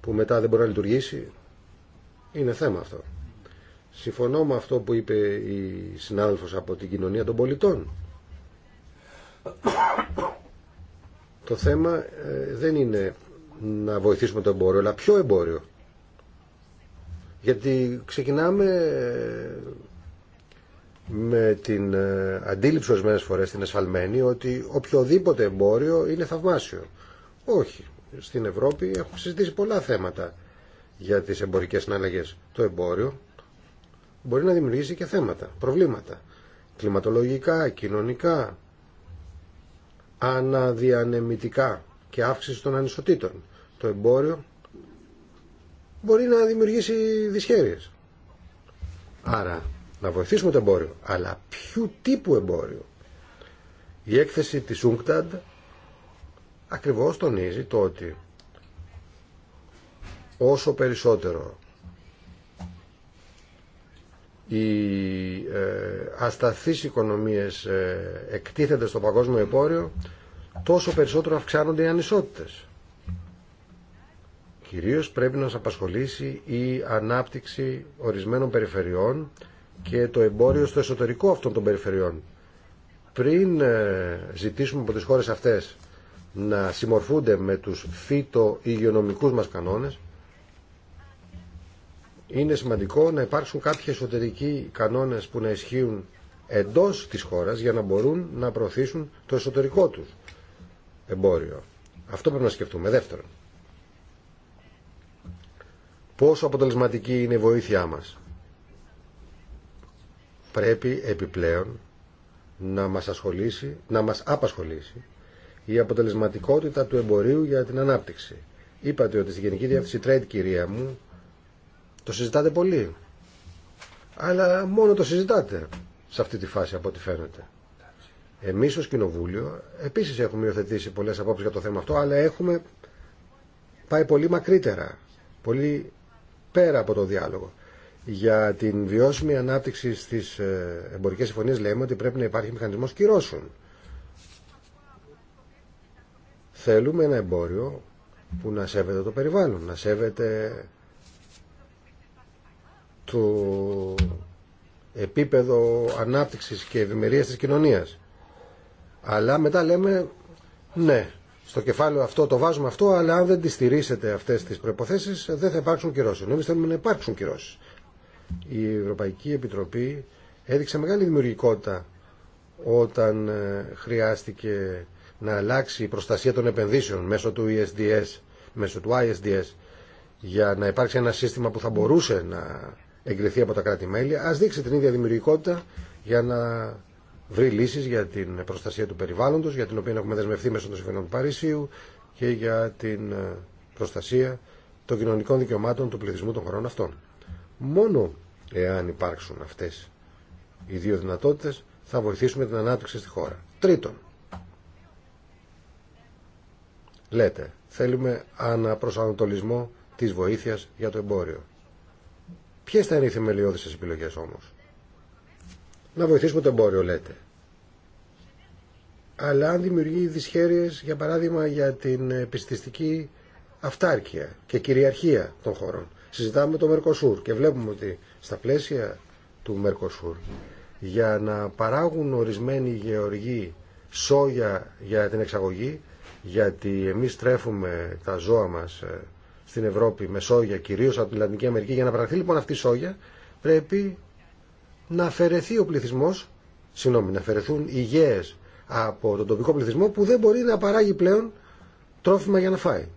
που μετά δεν μπορεί να λειτουργήσει είναι θέμα αυτό. Συμφωνώ με αυτό που είπε η συνάδελφος από την κοινωνία των πολιτών. Το θέμα δεν είναι να βοηθήσουμε το εμπόριο, αλλά ποιο εμπόριο. Γιατί ξεκινάμε με την ε, αντίληψη ορισμένε φορές την εσφαλμένη ότι οποιοδήποτε εμπόριο είναι θαυμάσιο. Όχι. Στην Ευρώπη έχουμε συζητήσει πολλά θέματα για τις εμπορικές συναλλαγές. Το εμπόριο μπορεί να δημιουργήσει και θέματα, προβλήματα. Κλιματολογικά, κοινωνικά, αναδιανεμητικά και αύξηση των ανισοτήτων. Το εμπόριο μπορεί να δημιουργήσει δυσχέρειες. Άρα να βοηθήσουμε το εμπόριο, αλλά ποιου τύπου εμπόριο. Η έκθεση της UNCTAD ακριβώς τονίζει το ότι όσο περισσότερο οι ε, ασταθείς οικονομίες ε, εκτίθενται στο παγκόσμιο εμπόριο, τόσο περισσότερο αυξάνονται οι ανισότητες. Κυρίως πρέπει να σας απασχολήσει η ανάπτυξη ορισμένων περιφερειών και το εμπόριο στο εσωτερικό αυτών των περιφερειών. Πριν ε, ζητήσουμε από τις χώρες αυτές να συμμορφούνται με τους φυτο-υγειονομικούς μας κανόνες, είναι σημαντικό να υπάρξουν κάποιοι εσωτερικοί κανόνες που να ισχύουν εντός της χώρας για να μπορούν να προωθήσουν το εσωτερικό τους εμπόριο. Αυτό πρέπει να σκεφτούμε. Δεύτερον, πόσο αποτελεσματική είναι η βοήθειά μας πρέπει επιπλέον να μας, ασχολήσει, να μας απασχολήσει η αποτελεσματικότητα του εμπορίου για την ανάπτυξη. Είπατε ότι στη Γενική Διεύθυνση Trade, κυρία μου, το συζητάτε πολύ. Αλλά μόνο το συζητάτε σε αυτή τη φάση από ό,τι φαίνεται. Εμείς ως Κοινοβούλιο επίσης έχουμε υιοθετήσει πολλές απόψει για το θέμα αυτό, αλλά έχουμε πάει πολύ μακρύτερα, πολύ πέρα από το διάλογο. Για την βιώσιμη ανάπτυξη στις ε, εμπορικές συμφωνίε λέμε ότι πρέπει να υπάρχει μηχανισμό κυρώσεων. Θέλουμε ένα εμπόριο που να σέβεται το περιβάλλον, να σέβεται το επίπεδο ανάπτυξης και ευημερίας της κοινωνίας. Αλλά μετά λέμε, ναι, στο κεφάλαιο αυτό το βάζουμε αυτό, αλλά αν δεν τη στηρίσετε αυτές τις προϋποθέσεις δεν θα υπάρξουν κυρώσεις. Εμείς θέλουμε να υπάρξουν κυρώσεις η Ευρωπαϊκή Επιτροπή έδειξε μεγάλη δημιουργικότητα όταν ε, χρειάστηκε να αλλάξει η προστασία των επενδύσεων μέσω του ISDS, e μέσω του ISDS για να υπάρξει ένα σύστημα που θα μπορούσε να εγκριθεί από τα κράτη-μέλη. Ας δείξει την ίδια δημιουργικότητα για να βρει λύσεις για την προστασία του περιβάλλοντος, για την οποία έχουμε δεσμευτεί μέσω των Συμφωνών του Παρισίου και για την ε, προστασία των κοινωνικών δικαιωμάτων του πληθυσμού των χωρών αυτών. Μόνο Εάν υπάρξουν αυτές οι δύο δυνατότητες, θα βοηθήσουμε την ανάπτυξη στη χώρα. Τρίτον, λέτε, θέλουμε αναπροσανατολισμό της βοήθειας για το εμπόριο. Ποιες θα είναι οι θεμελιώδεις επιλογές όμως. Να βοηθήσουμε το εμπόριο, λέτε. Αλλά αν δημιουργεί δυσχέρειες, για παράδειγμα, για την πιστιστική αυτάρκεια και κυριαρχία των χωρών συζητάμε το Μερκοσούρ και βλέπουμε ότι στα πλαίσια του Μερκοσούρ για να παράγουν ορισμένοι γεωργοί σόγια για την εξαγωγή γιατί εμείς τρέφουμε τα ζώα μας ε, στην Ευρώπη με σόγια κυρίως από την Λατινική Αμερική για να παραχθεί λοιπόν αυτή η σόγια πρέπει να αφαιρεθεί ο πληθυσμός συγγνώμη, να αφαιρεθούν οι γέες από τον τοπικό πληθυσμό που δεν μπορεί να παράγει πλέον τρόφιμα για να φάει.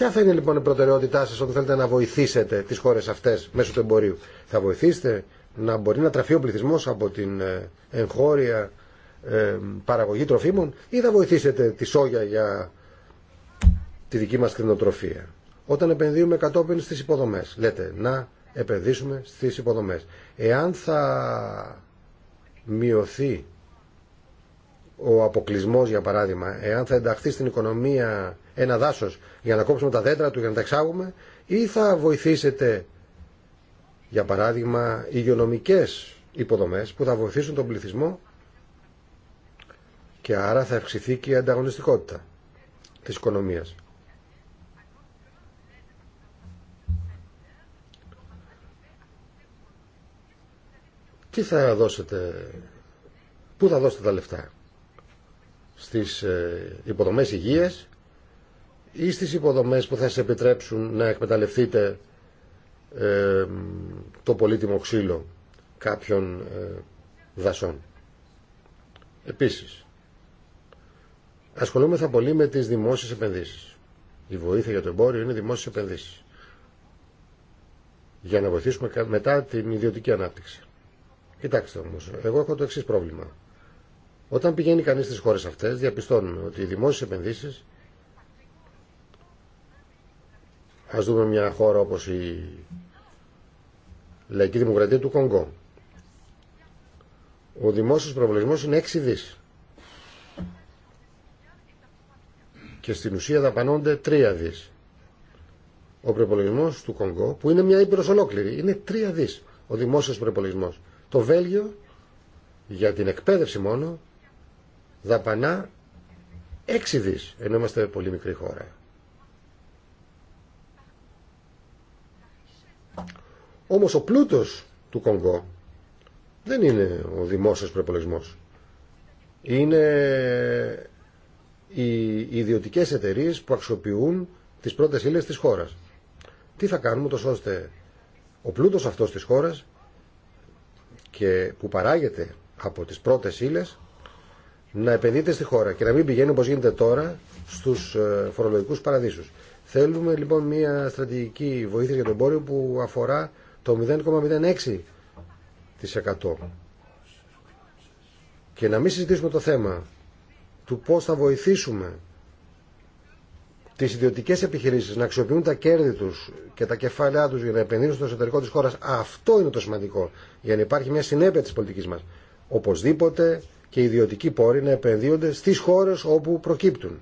Ποια θα είναι λοιπόν η προτεραιότητά σα όταν θέλετε να βοηθήσετε τι χώρε αυτέ μέσω του εμπορίου. Θα βοηθήσετε να μπορεί να τραφεί ο πληθυσμό από την ε, εγχώρια ε, παραγωγή τροφίμων ή θα βοηθήσετε τη σόγια για τη δική μας κτηνοτροφία. Όταν επενδύουμε κατόπιν στις υποδομές, λέτε να επενδύσουμε στις υποδομέ. Εάν θα μειωθεί ο αποκλεισμό, για παράδειγμα, εάν θα ενταχθεί στην οικονομία ένα δάσος για να κόψουμε τα δέντρα του για να τα εξάγουμε ή θα βοηθήσετε για παράδειγμα υγειονομικέ υποδομές που θα βοηθήσουν τον πληθυσμό και άρα θα αυξηθεί και η ανταγωνιστικότητα της οικονομίας. Τι θα δώσετε, πού θα δώσετε τα λεφτά, στις ε, υποδομές υγείας ή στις υποδομές που θα σας επιτρέψουν να εκμεταλλευτείτε ε, το πολύτιμο ξύλο κάποιων ε, δασών. Επίσης, ασχολούμεθα πολύ με τις δημόσιες επενδύσεις. Η βοήθεια για το εμπόριο είναι δημόσιες επενδύσεις. Για να βοηθήσουμε μετά την ιδιωτική ανάπτυξη. Κοιτάξτε όμως, εγώ έχω το εξή πρόβλημα. Όταν πηγαίνει κανείς στις χώρες αυτές, διαπιστώνουμε ότι οι δημόσιες επενδύσεις Ας δούμε μια χώρα όπως η Λαϊκή Δημοκρατία του Κονγκό. Ο δημόσιος προπολογισμό είναι 6 δις. Και στην ουσία δαπανώνται 3 δις. Ο προπολογισμό του Κονγκό, που είναι μια ήπειρο ολόκληρη, είναι 3 δι ο δημόσιο προπολογισμό. Το Βέλγιο για την εκπαίδευση μόνο δαπανά 6 δι, ενώ είμαστε πολύ μικρή χώρα. Όμως ο πλούτος του Κονγκό δεν είναι ο δημόσιος προπολογισμός. Είναι οι ιδιωτικέ εταιρείε που αξιοποιούν τις πρώτες ύλες της χώρας. Τι θα κάνουμε τόσο ώστε ο πλούτος αυτός της χώρας και που παράγεται από τις πρώτες ύλε να επενδύεται στη χώρα και να μην πηγαίνει όπως γίνεται τώρα στους ε, φορολογικού παραδείσους. Θέλουμε λοιπόν μια στρατηγική βοήθεια για το εμπόριο που αφορά το 0,06% και να μην συζητήσουμε το θέμα του πώς θα βοηθήσουμε τις ιδιωτικές επιχειρήσεις να αξιοποιούν τα κέρδη τους και τα κεφάλαιά τους για να επενδύσουν στο εσωτερικό της χώρας. Αυτό είναι το σημαντικό για να υπάρχει μια συνέπεια της πολιτικής μας. Οπωσδήποτε και οι ιδιωτικοί πόροι να επενδύονται στις χώρες όπου προκύπτουν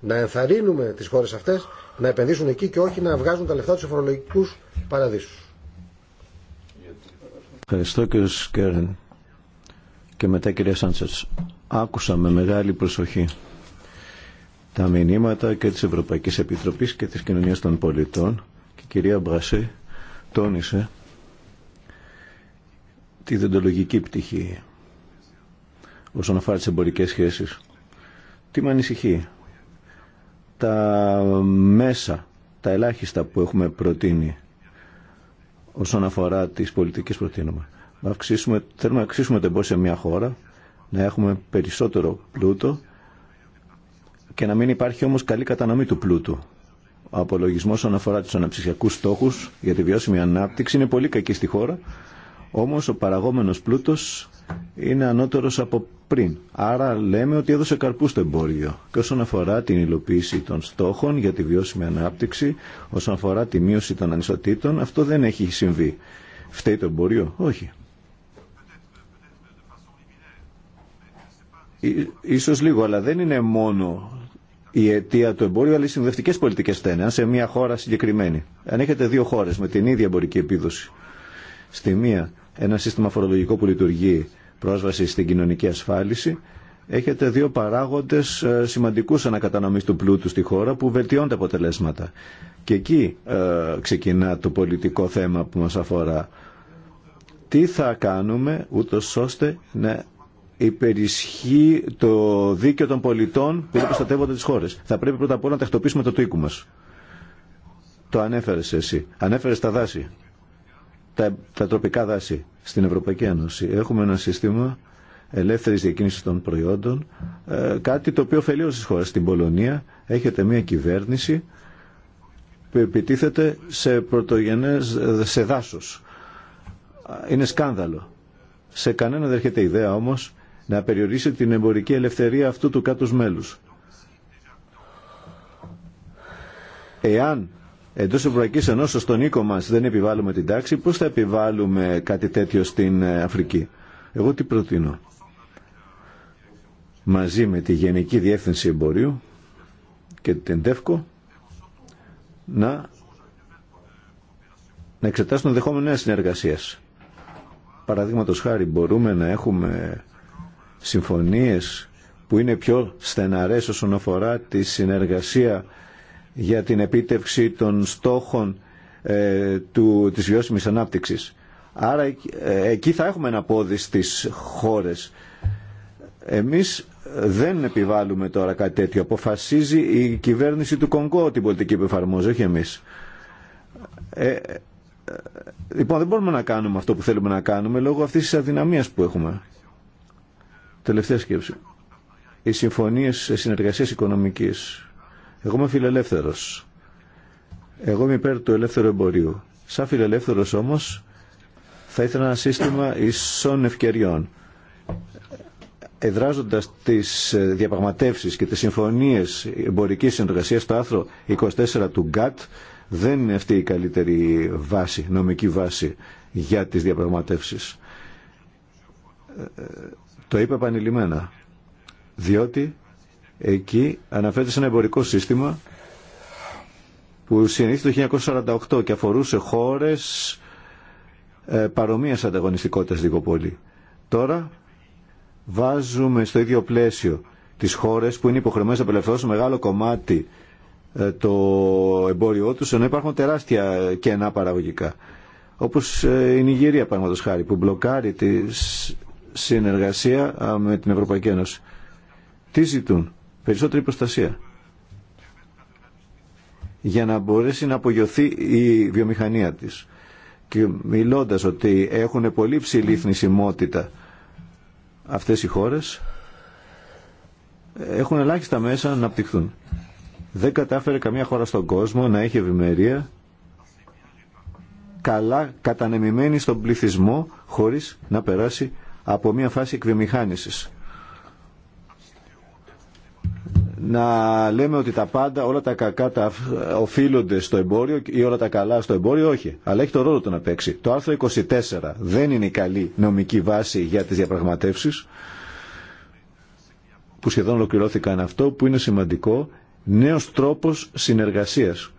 να ενθαρρύνουμε τις χώρες αυτές να επενδύσουν εκεί και όχι να βγάζουν τα λεφτά τους σε φορολογικούς παραδείσους. Ευχαριστώ κύριε Σκέρν και μετά κυρία Σάντσες. Άκουσα με μεγάλη προσοχή τα μηνύματα και της Ευρωπαϊκής Επιτροπής και της Κοινωνίας των Πολιτών και η κυρία Μπρασέ τόνισε τη δεντολογική πτυχή όσον αφορά τις εμπορικές σχέσεις. Τι με ανησυχεί τα μέσα, τα ελάχιστα που έχουμε προτείνει όσον αφορά τις πολιτικές προτείνουμε. Να αυξήσουμε, θέλουμε να αυξήσουμε το εμπόριο σε μια χώρα, να έχουμε περισσότερο πλούτο και να μην υπάρχει όμως καλή κατανομή του πλούτου. Ο απολογισμός όσον αφορά τους αναψυχιακού στόχους για τη βιώσιμη ανάπτυξη είναι πολύ κακή στη χώρα, όμως ο παραγόμενος πλούτος είναι ανώτερος από πριν. Άρα λέμε ότι έδωσε καρπού στο εμπόριο. Και όσον αφορά την υλοποίηση των στόχων για τη βιώσιμη ανάπτυξη, όσον αφορά τη μείωση των ανισοτήτων, αυτό δεν έχει συμβεί. Φταίει το εμπόριο, όχι. Ίσως λίγο, αλλά δεν είναι μόνο η αιτία του εμπόριου, αλλά οι συνδευτικές πολιτικές φταίνε, αν σε μια χώρα συγκεκριμένη. Αν έχετε δύο χώρες με την ίδια εμπορική επίδοση, στη μία ένα σύστημα φορολογικό που λειτουργεί πρόσβαση στην κοινωνική ασφάλιση, έχετε δύο παράγοντες ε, σημαντικούς ανακατανομής του πλούτου στη χώρα που βελτιώνται αποτελέσματα. Και εκεί ε, ξεκινά το πολιτικό θέμα που μας αφορά. Τι θα κάνουμε ούτω ώστε να υπερισχύει το δίκαιο των πολιτών που προστατεύονται τις χώρες. Θα πρέπει πρώτα απ' όλα να τακτοποιήσουμε το τοίκο μα. Το ανέφερες εσύ. Ανέφερε τα δάση τα, τροπικά δάση στην Ευρωπαϊκή Ένωση. Έχουμε ένα σύστημα ελεύθερη διακίνηση των προϊόντων, ε, κάτι το οποίο ωφελεί τη χώρε. Στην Πολωνία έχετε μια κυβέρνηση που επιτίθεται σε πρωτογενές, σε Είναι σκάνδαλο. Σε κανένα δεν έρχεται ιδέα όμως να περιορίσει την εμπορική ελευθερία αυτού του κάτους μέλους. Εάν Εντό Ευρωπαϊκή Ενώσεω, στον οίκο μα δεν επιβάλλουμε την τάξη. Πώ θα επιβάλλουμε κάτι τέτοιο στην ε, Αφρική. Εγώ τι προτείνω. Μαζί με τη Γενική Διεύθυνση Εμπορίου και την ΤΕΦΚΟ να, να εξετάσουν δεχόμενέ νέα συνεργασία. Παραδείγματο χάρη, μπορούμε να έχουμε συμφωνίε που είναι πιο στεναρές όσον αφορά τη συνεργασία για την επίτευξη των στόχων ε, του, της βιώσιμης ανάπτυξης. Άρα ε, εκεί θα έχουμε ένα πόδι στις χώρες. Εμείς δεν επιβάλλουμε τώρα κάτι τέτοιο. Αποφασίζει η κυβέρνηση του Κονγκό την πολιτική που εφαρμόζει, όχι εμείς. Ε, ε λοιπόν, δεν μπορούμε να κάνουμε αυτό που θέλουμε να κάνουμε λόγω αυτής της αδυναμίας που έχουμε. Τελευταία σκέψη. Οι συμφωνίες συνεργασίας οικονομικής εγώ είμαι φιλελεύθερο. Εγώ είμαι υπέρ του ελεύθερου εμπορίου. Σαν φιλελεύθερο όμως θα ήθελα ένα σύστημα ισών ευκαιριών. Εδράζοντας τι ε, διαπραγματεύσεις και τις συμφωνίες εμπορικής συνεργασίας στο άρθρο 24 του ΓΚΑΤ δεν είναι αυτή η καλύτερη βάση, νομική βάση για τις διαπραγματεύσεις. Ε, ε, το είπε επανειλημμένα, διότι Εκεί αναφέρεται σε ένα εμπορικό σύστημα που συνήθιζε το 1948 και αφορούσε χώρες ε, παρομοίας ανταγωνιστικότητας λίγο πολύ. Τώρα βάζουμε στο ίδιο πλαίσιο τις χώρες που είναι υποχρεωμένες να απελευθερώσουν μεγάλο κομμάτι ε, το εμπόριό τους, ενώ υπάρχουν τεράστια κενά παραγωγικά. Όπως ε, η Νιγηρία, παραδείγματο χάρη, που μπλοκάρει τη συνεργασία ε, με την Ευρωπαϊκή Ένωση. Τι ζητούν περισσότερη προστασία για να μπορέσει να απογειωθεί η βιομηχανία της. Και μιλώντας ότι έχουν πολύ ψηλή θνησιμότητα αυτές οι χώρες, έχουν ελάχιστα μέσα να αναπτυχθούν. Δεν κατάφερε καμία χώρα στον κόσμο να έχει ευημερία καλά κατανεμημένη στον πληθυσμό χωρίς να περάσει από μια φάση εκβιομηχάνησης να λέμε ότι τα πάντα, όλα τα κακά τα οφείλονται στο εμπόριο ή όλα τα καλά στο εμπόριο, όχι. Αλλά έχει το ρόλο του να παίξει. Το άρθρο 24 δεν είναι η καλή νομική βάση για τις διαπραγματεύσεις που σχεδόν ολοκληρώθηκαν αυτό που είναι σημαντικό νέος τρόπος συνεργασίας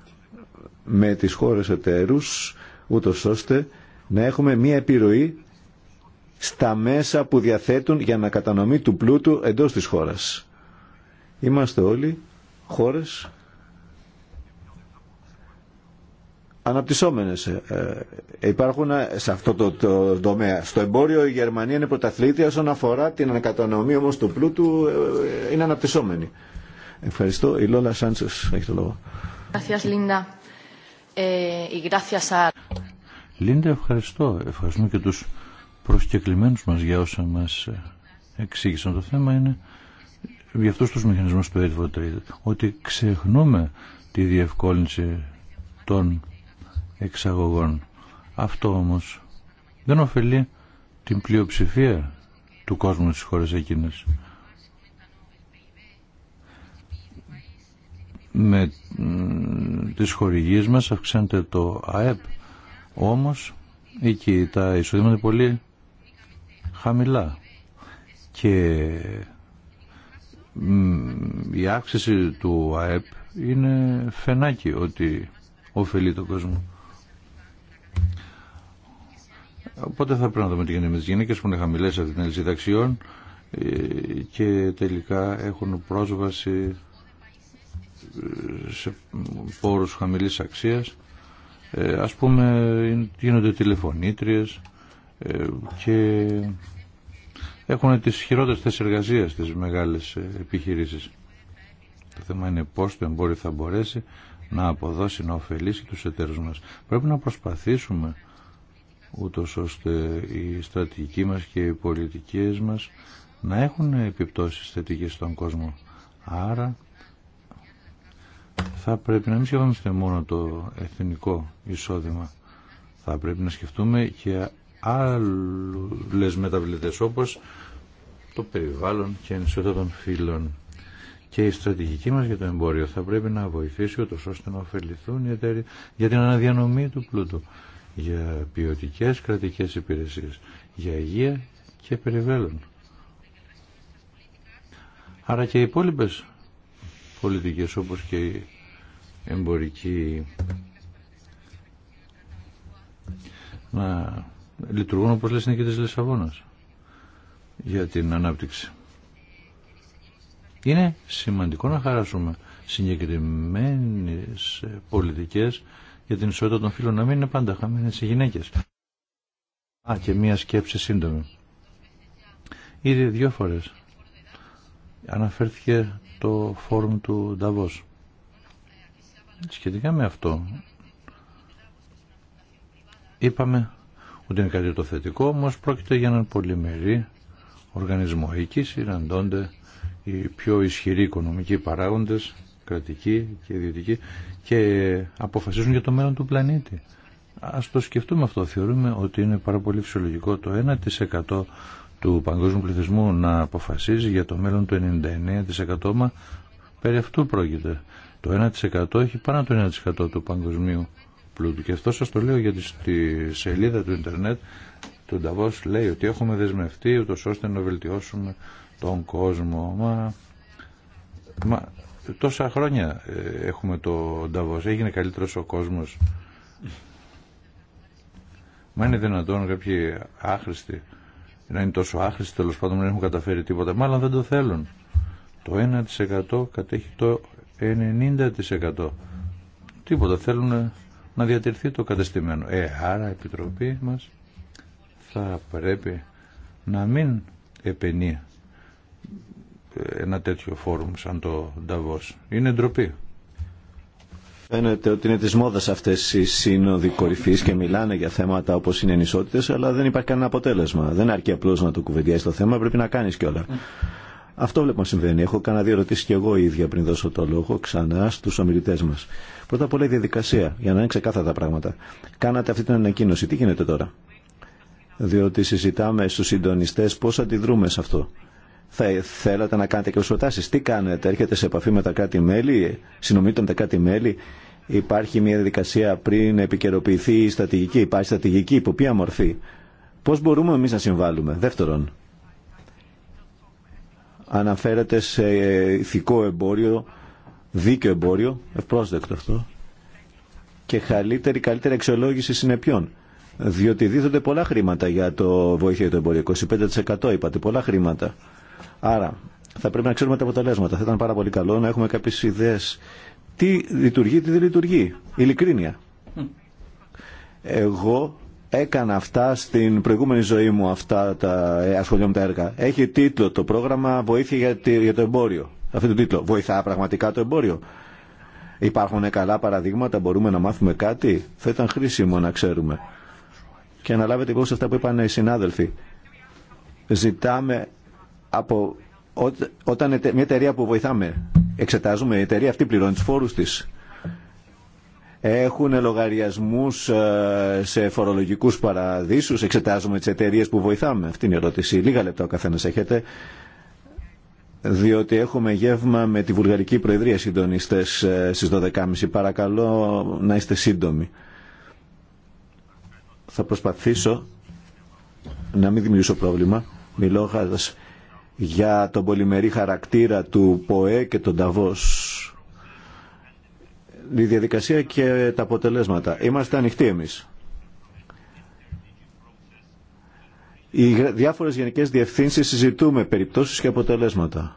με τις χώρες εταίρους ούτω ώστε να έχουμε μία επιρροή στα μέσα που διαθέτουν για ανακατανομή του πλούτου εντός της χώρας Είμαστε όλοι χώρες αναπτυσσόμενες. Ε, ε υπάρχουν ε, σε αυτό το, το τομέα. Στο εμπόριο η Γερμανία είναι πρωταθλήτρια όσον αφορά την ανακατανομή όμως του πλούτου ε, είναι αναπτυσσόμενη. Ευχαριστώ. Η Λόλα Σάντσες έχει το λόγο. Λίντα, ευχαριστώ. Ευχαριστούμε και τους προσκεκλημένους μας για όσα μας εξήγησαν. Το θέμα είναι για αυτούς τους μηχανισμούς που ότι ξεχνούμε τη διευκόλυνση των εξαγωγών. Αυτό όμως δεν ωφελεί την πλειοψηφία του κόσμου στις χώρες εκείνες. Με τις χορηγίες μας αυξάνεται το ΑΕΠ, όμως εκεί τα εισοδήματα πολύ χαμηλά και η άξιση του ΑΕΠ είναι φαινάκι ότι ωφελεί τον κόσμο. Οπότε θα πρέπει να δούμε τι γίνεται με τι γυναίκε που είναι χαμηλές αυτήν την αλυσίδα αξιών ε, και τελικά έχουν πρόσβαση ε, σε πόρους χαμηλής αξίας. Ε, ας πούμε γίνονται τηλεφωνήτριες και έχουν τις χειρότερες θέσεις εργασίας στις μεγάλες ε, επιχειρήσεις. Το θέμα είναι πώς το εμπόριο θα μπορέσει να αποδώσει, να ωφελήσει τους εταίρους μας. Πρέπει να προσπαθήσουμε ούτω ώστε οι στρατηγικοί μας και οι πολιτικές μας να έχουν επιπτώσεις θετικές στον κόσμο. Άρα θα πρέπει να μην σκεφτόμαστε μόνο το εθνικό εισόδημα. Θα πρέπει να σκεφτούμε και άλλες μεταβλητές όπως το περιβάλλον και ενισότητα των φύλων. Και η στρατηγική μας για το εμπόριο θα πρέπει να βοηθήσει ούτως ώστε να ωφεληθούν οι εταίροι για την αναδιανομή του πλούτου, για ποιοτικέ κρατικές υπηρεσίες, για υγεία και περιβάλλον. Άρα και οι υπόλοιπε πολιτικές όπως και η εμπορική να λειτουργούν όπως λες είναι και της Λισαβόνας για την ανάπτυξη. Είναι σημαντικό να χαράσουμε συγκεκριμένες πολιτικές για την ισότητα των φίλων να μην είναι πάντα χαμένες οι γυναίκες. Α, και μία σκέψη σύντομη. Ήδη δύο φορές αναφέρθηκε το φόρουμ του Νταβός. Σχετικά με αυτό είπαμε ούτε είναι κάτι το θετικό, όμω πρόκειται για έναν πολυμερή οργανισμό. Εκεί συναντώνται οι πιο ισχυροί οικονομικοί παράγοντε, κρατικοί και ιδιωτικοί, και αποφασίζουν για το μέλλον του πλανήτη. Α το σκεφτούμε αυτό. Θεωρούμε ότι είναι πάρα πολύ φυσιολογικό το 1% του παγκόσμιου πληθυσμού να αποφασίζει για το μέλλον του 99% μα περί αυτού πρόκειται. Το 1% έχει πάνω το 1% του παγκοσμίου πλούτου. Και αυτό σα το λέω γιατί στη σελίδα του ίντερνετ του Νταβό λέει ότι έχουμε δεσμευτεί ούτω ώστε να βελτιώσουμε τον κόσμο. Μα, μα τόσα χρόνια ε, έχουμε το Νταβό. Έγινε καλύτερο ο κόσμο. Μα είναι δυνατόν κάποιοι άχρηστοι να είναι τόσο άχρηστοι τέλο πάντων να έχουν καταφέρει τίποτα. Μάλλον δεν το θέλουν. Το 1% κατέχει το 90%. Τίποτα θέλουν να διατηρηθεί το κατεστημένο. Ε, άρα η Επιτροπή μας θα πρέπει να μην επενεί ε, ένα τέτοιο φόρουμ σαν το Νταβός. Είναι ντροπή. Φαίνεται ότι είναι τη μόδα αυτές οι σύνοδοι κορυφής και μιλάνε για θέματα όπως είναι ισότητα, αλλά δεν υπάρχει κανένα αποτέλεσμα. Δεν αρκεί απλώς να το κουβεντιάσεις το θέμα, πρέπει να κάνει κιόλα. Αυτό βλέπω συμβαίνει. Έχω κάνει δύο ερωτήσει και εγώ ίδια πριν δώσω το λόγο ξανά στου ομιλητέ μα. Πρώτα απ' όλα η διαδικασία, για να είναι ξεκάθαρα τα πράγματα. Κάνατε αυτή την ανακοίνωση. Τι γίνεται τώρα. Διότι συζητάμε στου συντονιστέ πώ αντιδρούμε σε αυτό. Θα ε, θέλατε να κάνετε και προτάσει. Τι κάνετε, έρχεται σε επαφή με τα κράτη-μέλη, συνομιλείτε με τα κράτη-μέλη. Υπάρχει μια διαδικασία πριν επικαιροποιηθεί η στρατηγική, υπάρχει στρατηγική, υπό ποια μορφή. Πώ μπορούμε εμεί να συμβάλλουμε. Δεύτερον, αναφέρεται σε ηθικό εμπόριο, δίκαιο εμπόριο, ευπρόσδεκτο αυτό, και καλύτερη, καλύτερη αξιολόγηση συνεπιών. Διότι δίδονται πολλά χρήματα για το βοήθεια του εμπόριο. 25% είπατε, πολλά χρήματα. Άρα θα πρέπει να ξέρουμε τα αποτελέσματα. Θα ήταν πάρα πολύ καλό να έχουμε κάποιε ιδέε. Τι λειτουργεί, τι δεν λειτουργεί. Ειλικρίνεια. Εγώ Έκανα αυτά στην προηγούμενη ζωή μου, αυτά τα ε, ασχολιόμουν τα έργα. Έχει τίτλο το πρόγραμμα Βοήθεια για το εμπόριο. Αυτό το τίτλο. Βοηθά πραγματικά το εμπόριο. Υπάρχουν καλά παραδείγματα, μπορούμε να μάθουμε κάτι. Θα ήταν χρήσιμο να ξέρουμε. Και να λάβετε υπόψη αυτά που είπαν οι συνάδελφοι. Ζητάμε από. όταν μια εταιρεία που βοηθάμε, εξετάζουμε, η εταιρεία αυτή πληρώνει του φόρου τη έχουν λογαριασμού ε, σε φορολογικούς παραδείσους, εξετάζουμε τις εταιρείε που βοηθάμε. Αυτή είναι η ερώτηση. Λίγα λεπτά ο καθένα έχετε, διότι έχουμε γεύμα με τη Βουλγαρική Προεδρία συντονιστέ ε, στις 12.30. Παρακαλώ να είστε σύντομοι. Θα προσπαθήσω να μην δημιουργήσω πρόβλημα, μιλώντας για τον πολυμερή χαρακτήρα του ΠΟΕ και τον Ταβός η διαδικασία και τα αποτελέσματα. Είμαστε ανοιχτοί εμείς. Οι διάφορες γενικές διευθύνσεις συζητούμε περιπτώσεις και αποτελέσματα.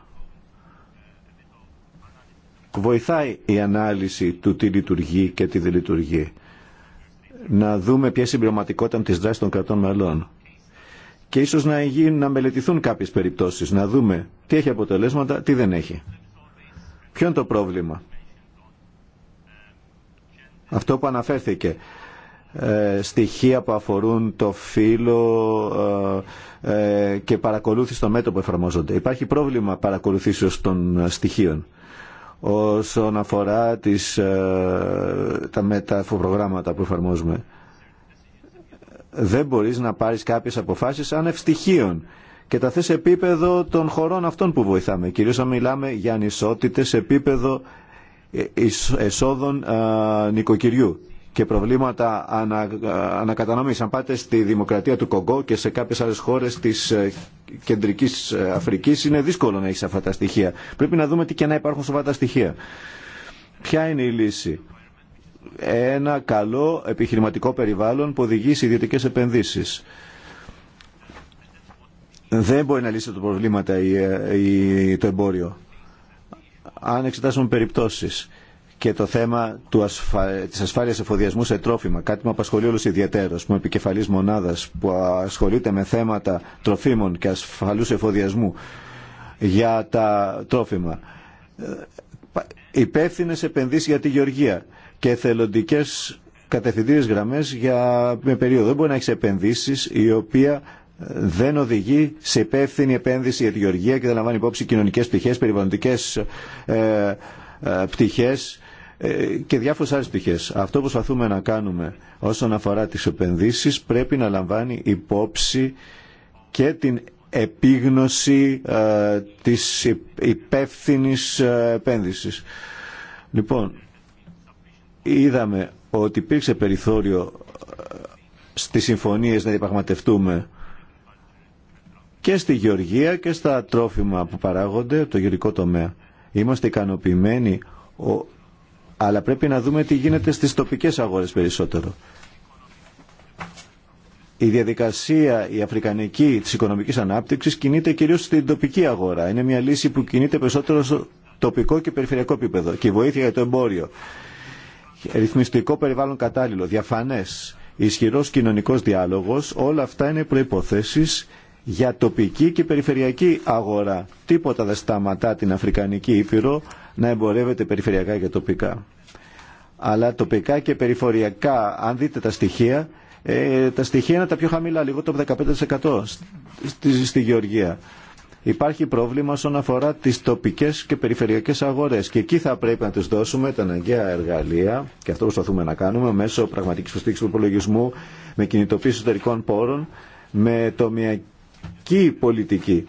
Βοηθάει η ανάλυση του τι λειτουργεί και τι δεν λειτουργεί. Να δούμε ποια συμπληρωματικότητα της δράσης των κρατών μελών. Και ίσως να, να μελετηθούν κάποιες περιπτώσεις, να δούμε τι έχει αποτελέσματα, τι δεν έχει. Ποιο είναι το πρόβλημα αυτό που αναφέρθηκε ε, στοιχεία που αφορούν το φύλλο ε, ε, και παρακολούθηση το μέτωπο εφαρμόζονται. Υπάρχει πρόβλημα παρακολουθήσεως των στοιχείων όσον αφορά τις, τα μεταφοπρογράμματα που εφαρμόζουμε. Δεν μπορείς να πάρεις κάποιες αποφάσεις ανευστοιχείων και τα θες επίπεδο των χωρών αυτών που βοηθάμε. Κυρίως αν μιλάμε για ανισότητες επίπεδο εισόδων νοικοκυριού και προβλήματα ανα, ανακατανομής. Αν πάτε στη δημοκρατία του Κογκό και σε κάποιες άλλες χώρες της ε, κεντρικής ε, Αφρικής είναι δύσκολο να έχει αυτά τα στοιχεία. Πρέπει να δούμε τι και να υπάρχουν σε αυτά τα στοιχεία. Ποια είναι η λύση. Ένα καλό επιχειρηματικό περιβάλλον που οδηγεί σε ιδιωτικέ επενδύσεις. Δεν μπορεί να λύσει το προβλήματα ε, το εμπόριο αν εξετάσουμε περιπτώσεις και το θέμα του ασφα... της ασφάλειας εφοδιασμού σε τρόφιμα, κάτι που απασχολεί όλους ιδιαίτερος, που είμαι επικεφαλής μονάδας, που ασχολείται με θέματα τροφίμων και ασφαλούς εφοδιασμού για τα τρόφιμα. Ε, Υπεύθυνε επενδύσει για τη γεωργία και εθελοντικές κατευθυντήριες γραμμές για μια περίοδο. Δεν μπορεί να έχει επενδύσεις η οποία δεν οδηγεί σε υπεύθυνη επένδυση για τη γεωργία και δεν λαμβάνει υπόψη κοινωνικές πτυχές, περιβαλλοντικές ε, ε, πτυχές ε, και διάφορες άλλες πτυχές. Αυτό που προσπαθούμε να κάνουμε όσον αφορά τις επενδύσεις πρέπει να λαμβάνει υπόψη και την επίγνωση της υπεύθυνη επένδυσης. Λοιπόν, είδαμε ότι υπήρξε περιθώριο στις συμφωνίες να διαπραγματευτούμε και στη γεωργία και στα τρόφιμα που παράγονται, το γεωργικό τομέα. Είμαστε ικανοποιημένοι, αλλά πρέπει να δούμε τι γίνεται στις τοπικές αγορές περισσότερο. Η διαδικασία η αφρικανική της οικονομικής ανάπτυξης κινείται κυρίως στην τοπική αγορά. Είναι μια λύση που κινείται περισσότερο στο τοπικό και περιφερειακό επίπεδο και η βοήθεια για το εμπόριο. Ρυθμιστικό περιβάλλον κατάλληλο, διαφανές, ισχυρός κοινωνικός διάλογος, όλα αυτά είναι προϋποθέσεις για τοπική και περιφερειακή αγορά. Τίποτα δεν σταματά την Αφρικανική Ήπειρο να εμπορεύεται περιφερειακά και τοπικά. Αλλά τοπικά και περιφοριακά, αν δείτε τα στοιχεία, ε, τα στοιχεία είναι τα πιο χαμηλά, λίγο το 15% στη, στη Γεωργία. Υπάρχει πρόβλημα όσον αφορά τις τοπικές και περιφερειακές αγορές και εκεί θα πρέπει να τους δώσουμε τα αναγκαία εργαλεία και αυτό προσπαθούμε να κάνουμε μέσω πραγματικής προστήξης του υπολογισμού, με κινητοποίηση εσωτερικών πόρων, με τομιακή και η πολιτική.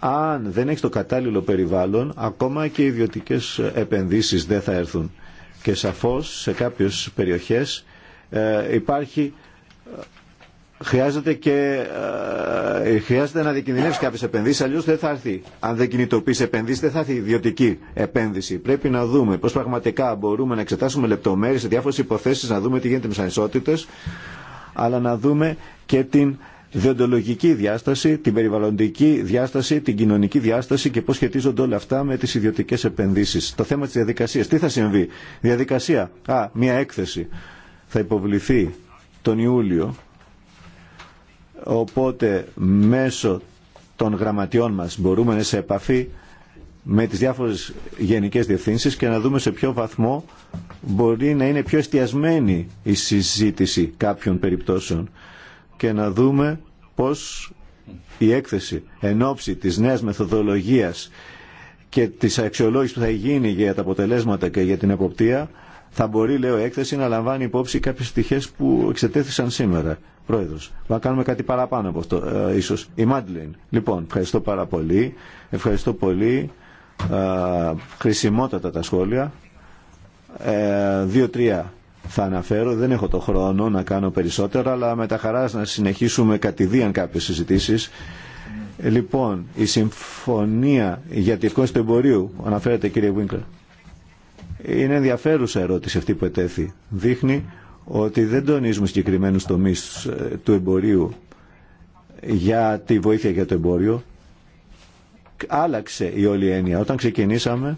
Αν δεν έχει το κατάλληλο περιβάλλον, ακόμα και οι ιδιωτικέ επενδύσεις δεν θα έρθουν. Και σαφώς σε κάποιες περιοχές ε, υπάρχει ε, χρειάζεται και ε, να διακινδυνεύσει κάποιε επενδύσει, αλλιώ δεν θα έρθει. Αν δεν κινητοποιήσει επενδύσει, δεν θα έρθει ιδιωτική επένδυση. Πρέπει να δούμε πώ πραγματικά μπορούμε να εξετάσουμε λεπτομέρειε σε διάφορε υποθέσει, να δούμε τι γίνεται με τι ανισότητε, αλλά να δούμε και την διοντολογική διάσταση, την περιβαλλοντική διάσταση, την κοινωνική διάσταση και πώς σχετίζονται όλα αυτά με τις ιδιωτικές επενδύσεις. Το θέμα της διαδικασίας. Τι θα συμβεί. Διαδικασία. Α, μία έκθεση θα υποβληθεί τον Ιούλιο. Οπότε μέσω των γραμματιών μας μπορούμε να σε επαφή με τις διάφορες γενικές διευθύνσεις και να δούμε σε ποιο βαθμό μπορεί να είναι πιο εστιασμένη η συζήτηση κάποιων περιπτώσεων και να δούμε πώς η έκθεση εν ώψη της νέας μεθοδολογίας και της αξιολόγησης που θα γίνει για τα αποτελέσματα και για την εποπτεία θα μπορεί, λέω, η έκθεση να λαμβάνει υπόψη κάποιες στοιχές που εξετέθησαν σήμερα. Πρόεδρος, θα κάνουμε κάτι παραπάνω από αυτό, ε, ίσως. Η Μάντλιν. Λοιπόν, ευχαριστώ πάρα πολύ. Ευχαριστώ πολύ. Ε, χρησιμότατα τα σχόλια. Ε, Δύο-τρία θα αναφέρω. Δεν έχω το χρόνο να κάνω περισσότερα, αλλά με τα χαρά να συνεχίσουμε κατηδίαν κάποιες συζητήσεις. Λοιπόν, η συμφωνία για τη ευκόνηση του εμπορίου, αναφέρεται κύριε Βίνκλερ, είναι ενδιαφέρουσα ερώτηση αυτή που ετέθη. Δείχνει ότι δεν τονίζουμε συγκεκριμένους τομείς ε, του εμπορίου για τη βοήθεια για το εμπόριο. Άλλαξε η όλη έννοια. Όταν ξεκινήσαμε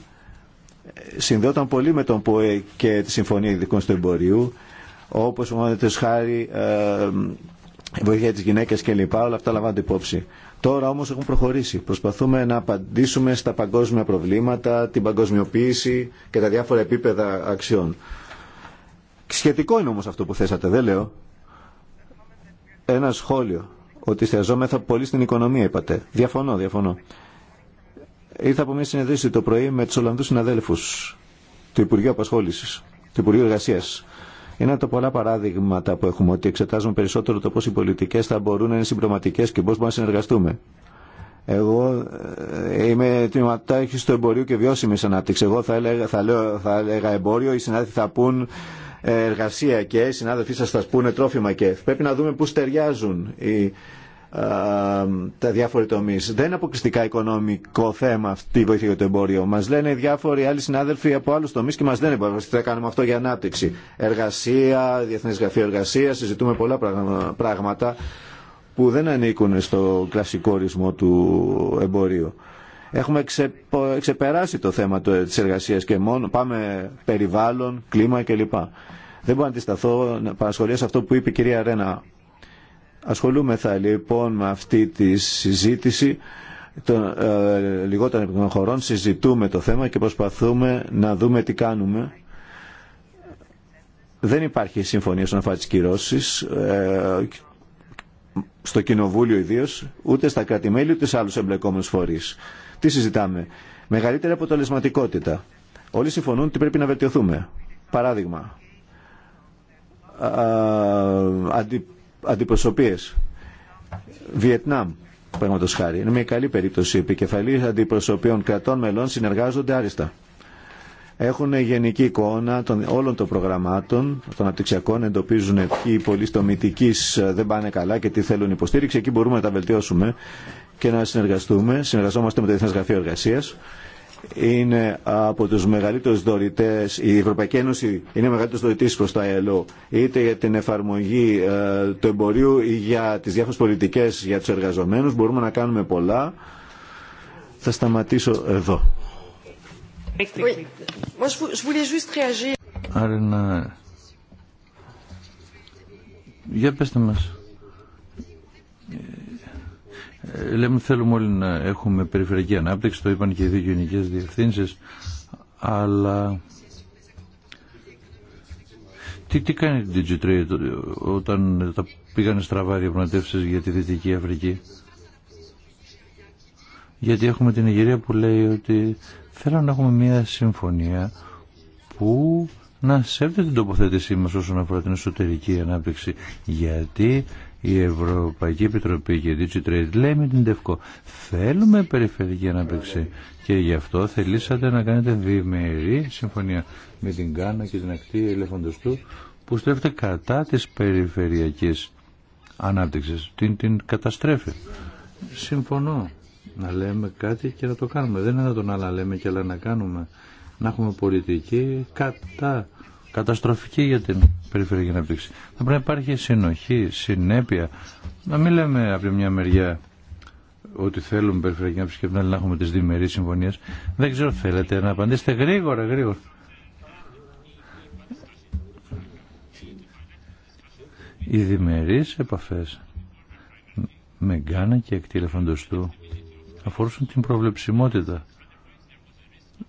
συνδέονταν πολύ με τον ΠΟΕ και τη Συμφωνία Ειδικών του Εμπορίου, όπως ομάδες χάρη ε, βοήθεια της γυναίκας κλπ. Όλα αυτά λαμβάνονται υπόψη. Τώρα όμως έχουν προχωρήσει. Προσπαθούμε να απαντήσουμε στα παγκόσμια προβλήματα, την παγκοσμιοποίηση και τα διάφορα επίπεδα αξιών. Σχετικό είναι όμως αυτό που θέσατε, δεν λέω. Ένα σχόλιο ότι στιαζόμεθα πολύ στην οικονομία, είπατε. Διαφωνώ, διαφωνώ. Ήρθα από μια συνεδρίαση το πρωί με του Ολλανδού συναδέλφου του Υπουργείου Απασχόληση, του Υπουργείου Εργασία. Είναι από τα πολλά παράδειγματα που έχουμε ότι εξετάζουμε περισσότερο το πώ οι πολιτικέ θα μπορούν να είναι συμπληρωματικέ και πώ μπορούμε να συνεργαστούμε. Εγώ ε, είμαι τμήματάρχη του εμπορίου και βιώσιμη ανάπτυξη. Εγώ θα έλεγα, θα, λέω, θα έλεγα εμπόριο, οι συνάδελφοι θα πούν ε, εργασία και οι συνάδελφοί σα θα πούνε τρόφιμα και. Πρέπει να δούμε πού στεριάζουν οι ε, τα διάφορα τομεί. Δεν είναι αποκλειστικά οικονομικό θέμα αυτή η βοήθεια για το εμπόριο. Μα λένε διάφοροι άλλοι συνάδελφοι από άλλου τομεί και μα λένε τι θα κάνουμε αυτό για ανάπτυξη. Εργασία, διεθνέ γραφείο εργασία, συζητούμε πολλά πράγματα που δεν ανήκουν στο κλασικό ορισμό του εμπορίου. Έχουμε ξεπεράσει το θέμα τη εργασία και μόνο πάμε περιβάλλον, κλίμα κλπ. Δεν μπορώ να αντισταθώ, παρασχολία σε αυτό που είπε η κυρία Ρένα Ασχολούμεθα λοιπόν με αυτή τη συζήτηση των ε, λιγότερων χωρών, συζητούμε το θέμα και προσπαθούμε να δούμε τι κάνουμε. Δεν υπάρχει συμφωνία στον αφορά τις ε, στο Κοινοβούλιο ιδίω, ούτε στα κράτη-μέλη, ούτε σε άλλους εμπλεκόμενους φορείς. Τι συζητάμε. Μεγαλύτερη αποτελεσματικότητα. Όλοι συμφωνούν ότι πρέπει να βελτιωθούμε. Παράδειγμα, αντιπροσωπείε. Βιετνάμ, παραδείγματο χάρη. Είναι μια καλή περίπτωση. Οι επικεφαλεί αντιπροσωπείων κρατών μελών συνεργάζονται άριστα. Έχουν γενική εικόνα των, όλων των προγραμμάτων, των απτυξιακών, εντοπίζουν ποιοι πολυστομητικοί ε, δεν πάνε καλά και τι θέλουν υποστήριξη. Εκεί μπορούμε να τα βελτιώσουμε και να συνεργαστούμε. Συνεργαζόμαστε με το Διεθνέ Γραφείο Εργασία είναι από τους μεγαλύτερους δωρητές, η Ευρωπαϊκή Ένωση είναι μεγαλύτερος δωρητής προς τα ΕΛΟ είτε για την εφαρμογή ε, του εμπορίου ή για τις διάφορες πολιτικές για τους εργαζομένους. Μπορούμε να κάνουμε πολλά. Θα σταματήσω εδώ. Άρα να... Για πέστε ε, λέμε θέλουμε όλοι να έχουμε περιφερειακή ανάπτυξη, το είπαν και οι δύο γενικέ διευθύνσει, αλλά τι, τι κάνει η Digitrade όταν τα πήγανε στραβά διαπραγματεύσει για τη Δυτική Αφρική. Γιατί έχουμε την Ιγυρία που λέει ότι θέλω να έχουμε μια συμφωνία που να σέβεται την τοποθέτησή μας όσον αφορά την εσωτερική ανάπτυξη γιατί η Ευρωπαϊκή Επιτροπή και η DigiTrade λέει με την ΤΕΦΚΟ θέλουμε περιφερειακή ανάπτυξη και γι' αυτό θελήσατε να κάνετε διμερή συμφωνία με την Κάνα και την ακτή ελέφαντος του που στρέφεται κατά της περιφερειακής ανάπτυξης την, την καταστρέφει συμφωνώ να λέμε κάτι και να το κάνουμε δεν είναι να τον άλλα λέμε και αλλά να κάνουμε να έχουμε πολιτική κατά καταστροφική για την περιφερειακή ανάπτυξη. Θα πρέπει να υπάρχει συνοχή, συνέπεια. Να μην λέμε από μια μεριά ότι θέλουμε περιφερειακή ανάπτυξη και από την άλλη να έχουμε τι διμερεί συμφωνίε. Δεν ξέρω, θέλετε να απαντήσετε γρήγορα, γρήγορα. Οι διμερείς επαφές με Γκάνα και εκτήλεφαντος του αφορούσαν την προβλεψιμότητα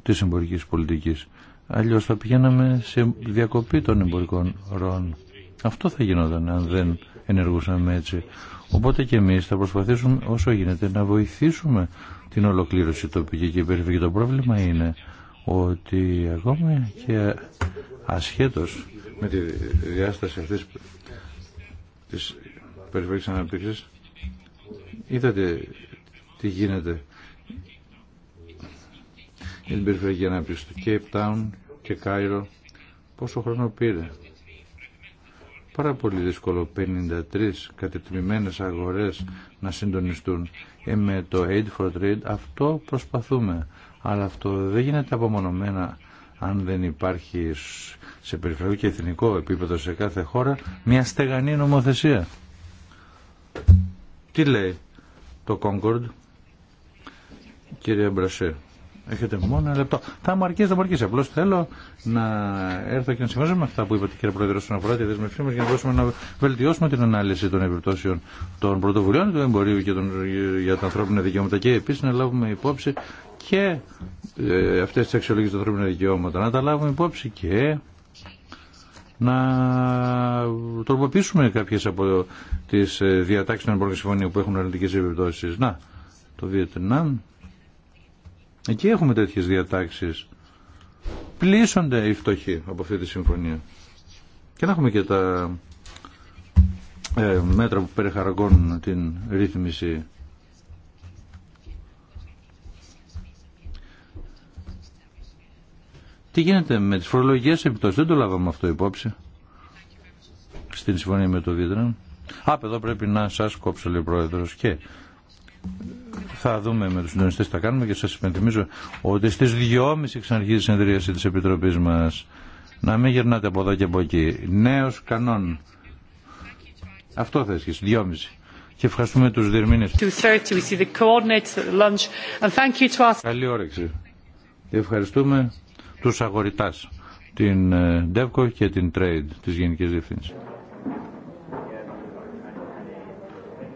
της εμπορικής πολιτικής. Αλλιώς θα πηγαίναμε σε διακοπή των εμπορικών ροών. Αυτό θα γινόταν αν δεν ενεργούσαμε έτσι. Οπότε και εμείς θα προσπαθήσουμε όσο γίνεται να βοηθήσουμε την ολοκλήρωση τοπική και περιφερειακή. Το πρόβλημα είναι ότι ακόμα και ασχέτως με τη διάσταση αυτής της περιφερειακής αναπτύξης είδατε τι γίνεται για την περιφερειακή ανάπτυξη του Cape Town και Κάιρο πόσο χρόνο πήρε. Πάρα πολύ δύσκολο 53 κατετμημένες αγορές να συντονιστούν. Ε, με το Aid for Trade αυτό προσπαθούμε. Αλλά αυτό δεν γίνεται απομονωμένα αν δεν υπάρχει σε περιφερειακό και εθνικό επίπεδο σε κάθε χώρα μια στεγανή νομοθεσία. Τι λέει το Concord, κύριε Μπρασέ. Έχετε μόνο ένα λεπτό. Θα μου αρκεί, θα μου αρκεί. Απλώ θέλω να έρθω και να συμφωνήσω με αυτά που είπατε, κύριε Πρόεδρε, όσον αφορά τη δεσμευσή μα για να μπορέσουμε να βελτιώσουμε την ανάλυση των επιπτώσεων των πρωτοβουλειών του εμπορίου και των, για τα ανθρώπινα δικαιώματα και επίση να λάβουμε υπόψη και ε, αυτέ τι αξιολογίε των ανθρώπινων δικαιώματων. Να τα λάβουμε υπόψη και να τροποποιήσουμε κάποιε από τι ε, διατάξει των εμπορικών συμφωνίων που έχουν αρνητικέ επιπτώσει. Να, το Βιετνάμ Εκεί έχουμε τέτοιες διατάξεις. Πλήσονται οι φτωχοί από αυτή τη συμφωνία. Και να έχουμε και τα ε, μέτρα που περιχαρακώνουν την ρύθμιση Τι γίνεται με τις φορολογικές επιπτώσεις, δεν το λάβαμε αυτό υπόψη στην συμφωνία με το Βίτρα. Απ' εδώ πρέπει να σας κόψω λέει πρόεδρος και θα δούμε με τους συντονιστές τι θα κάνουμε και σας υπενθυμίζω ότι στις 2.30 ξαναρχίζει η συνεδρίαση της Επιτροπής μας. Να μην γυρνάτε από εδώ και από εκεί. Νέος κανόν. Αυτό θα ισχύσει. 2.30. Και ευχαριστούμε τους διερμήνες. Καλή όρεξη. Ευχαριστούμε τους αγορητάς, την ε, DEVCO και την TRADE της Γενικής Διευθύνσης.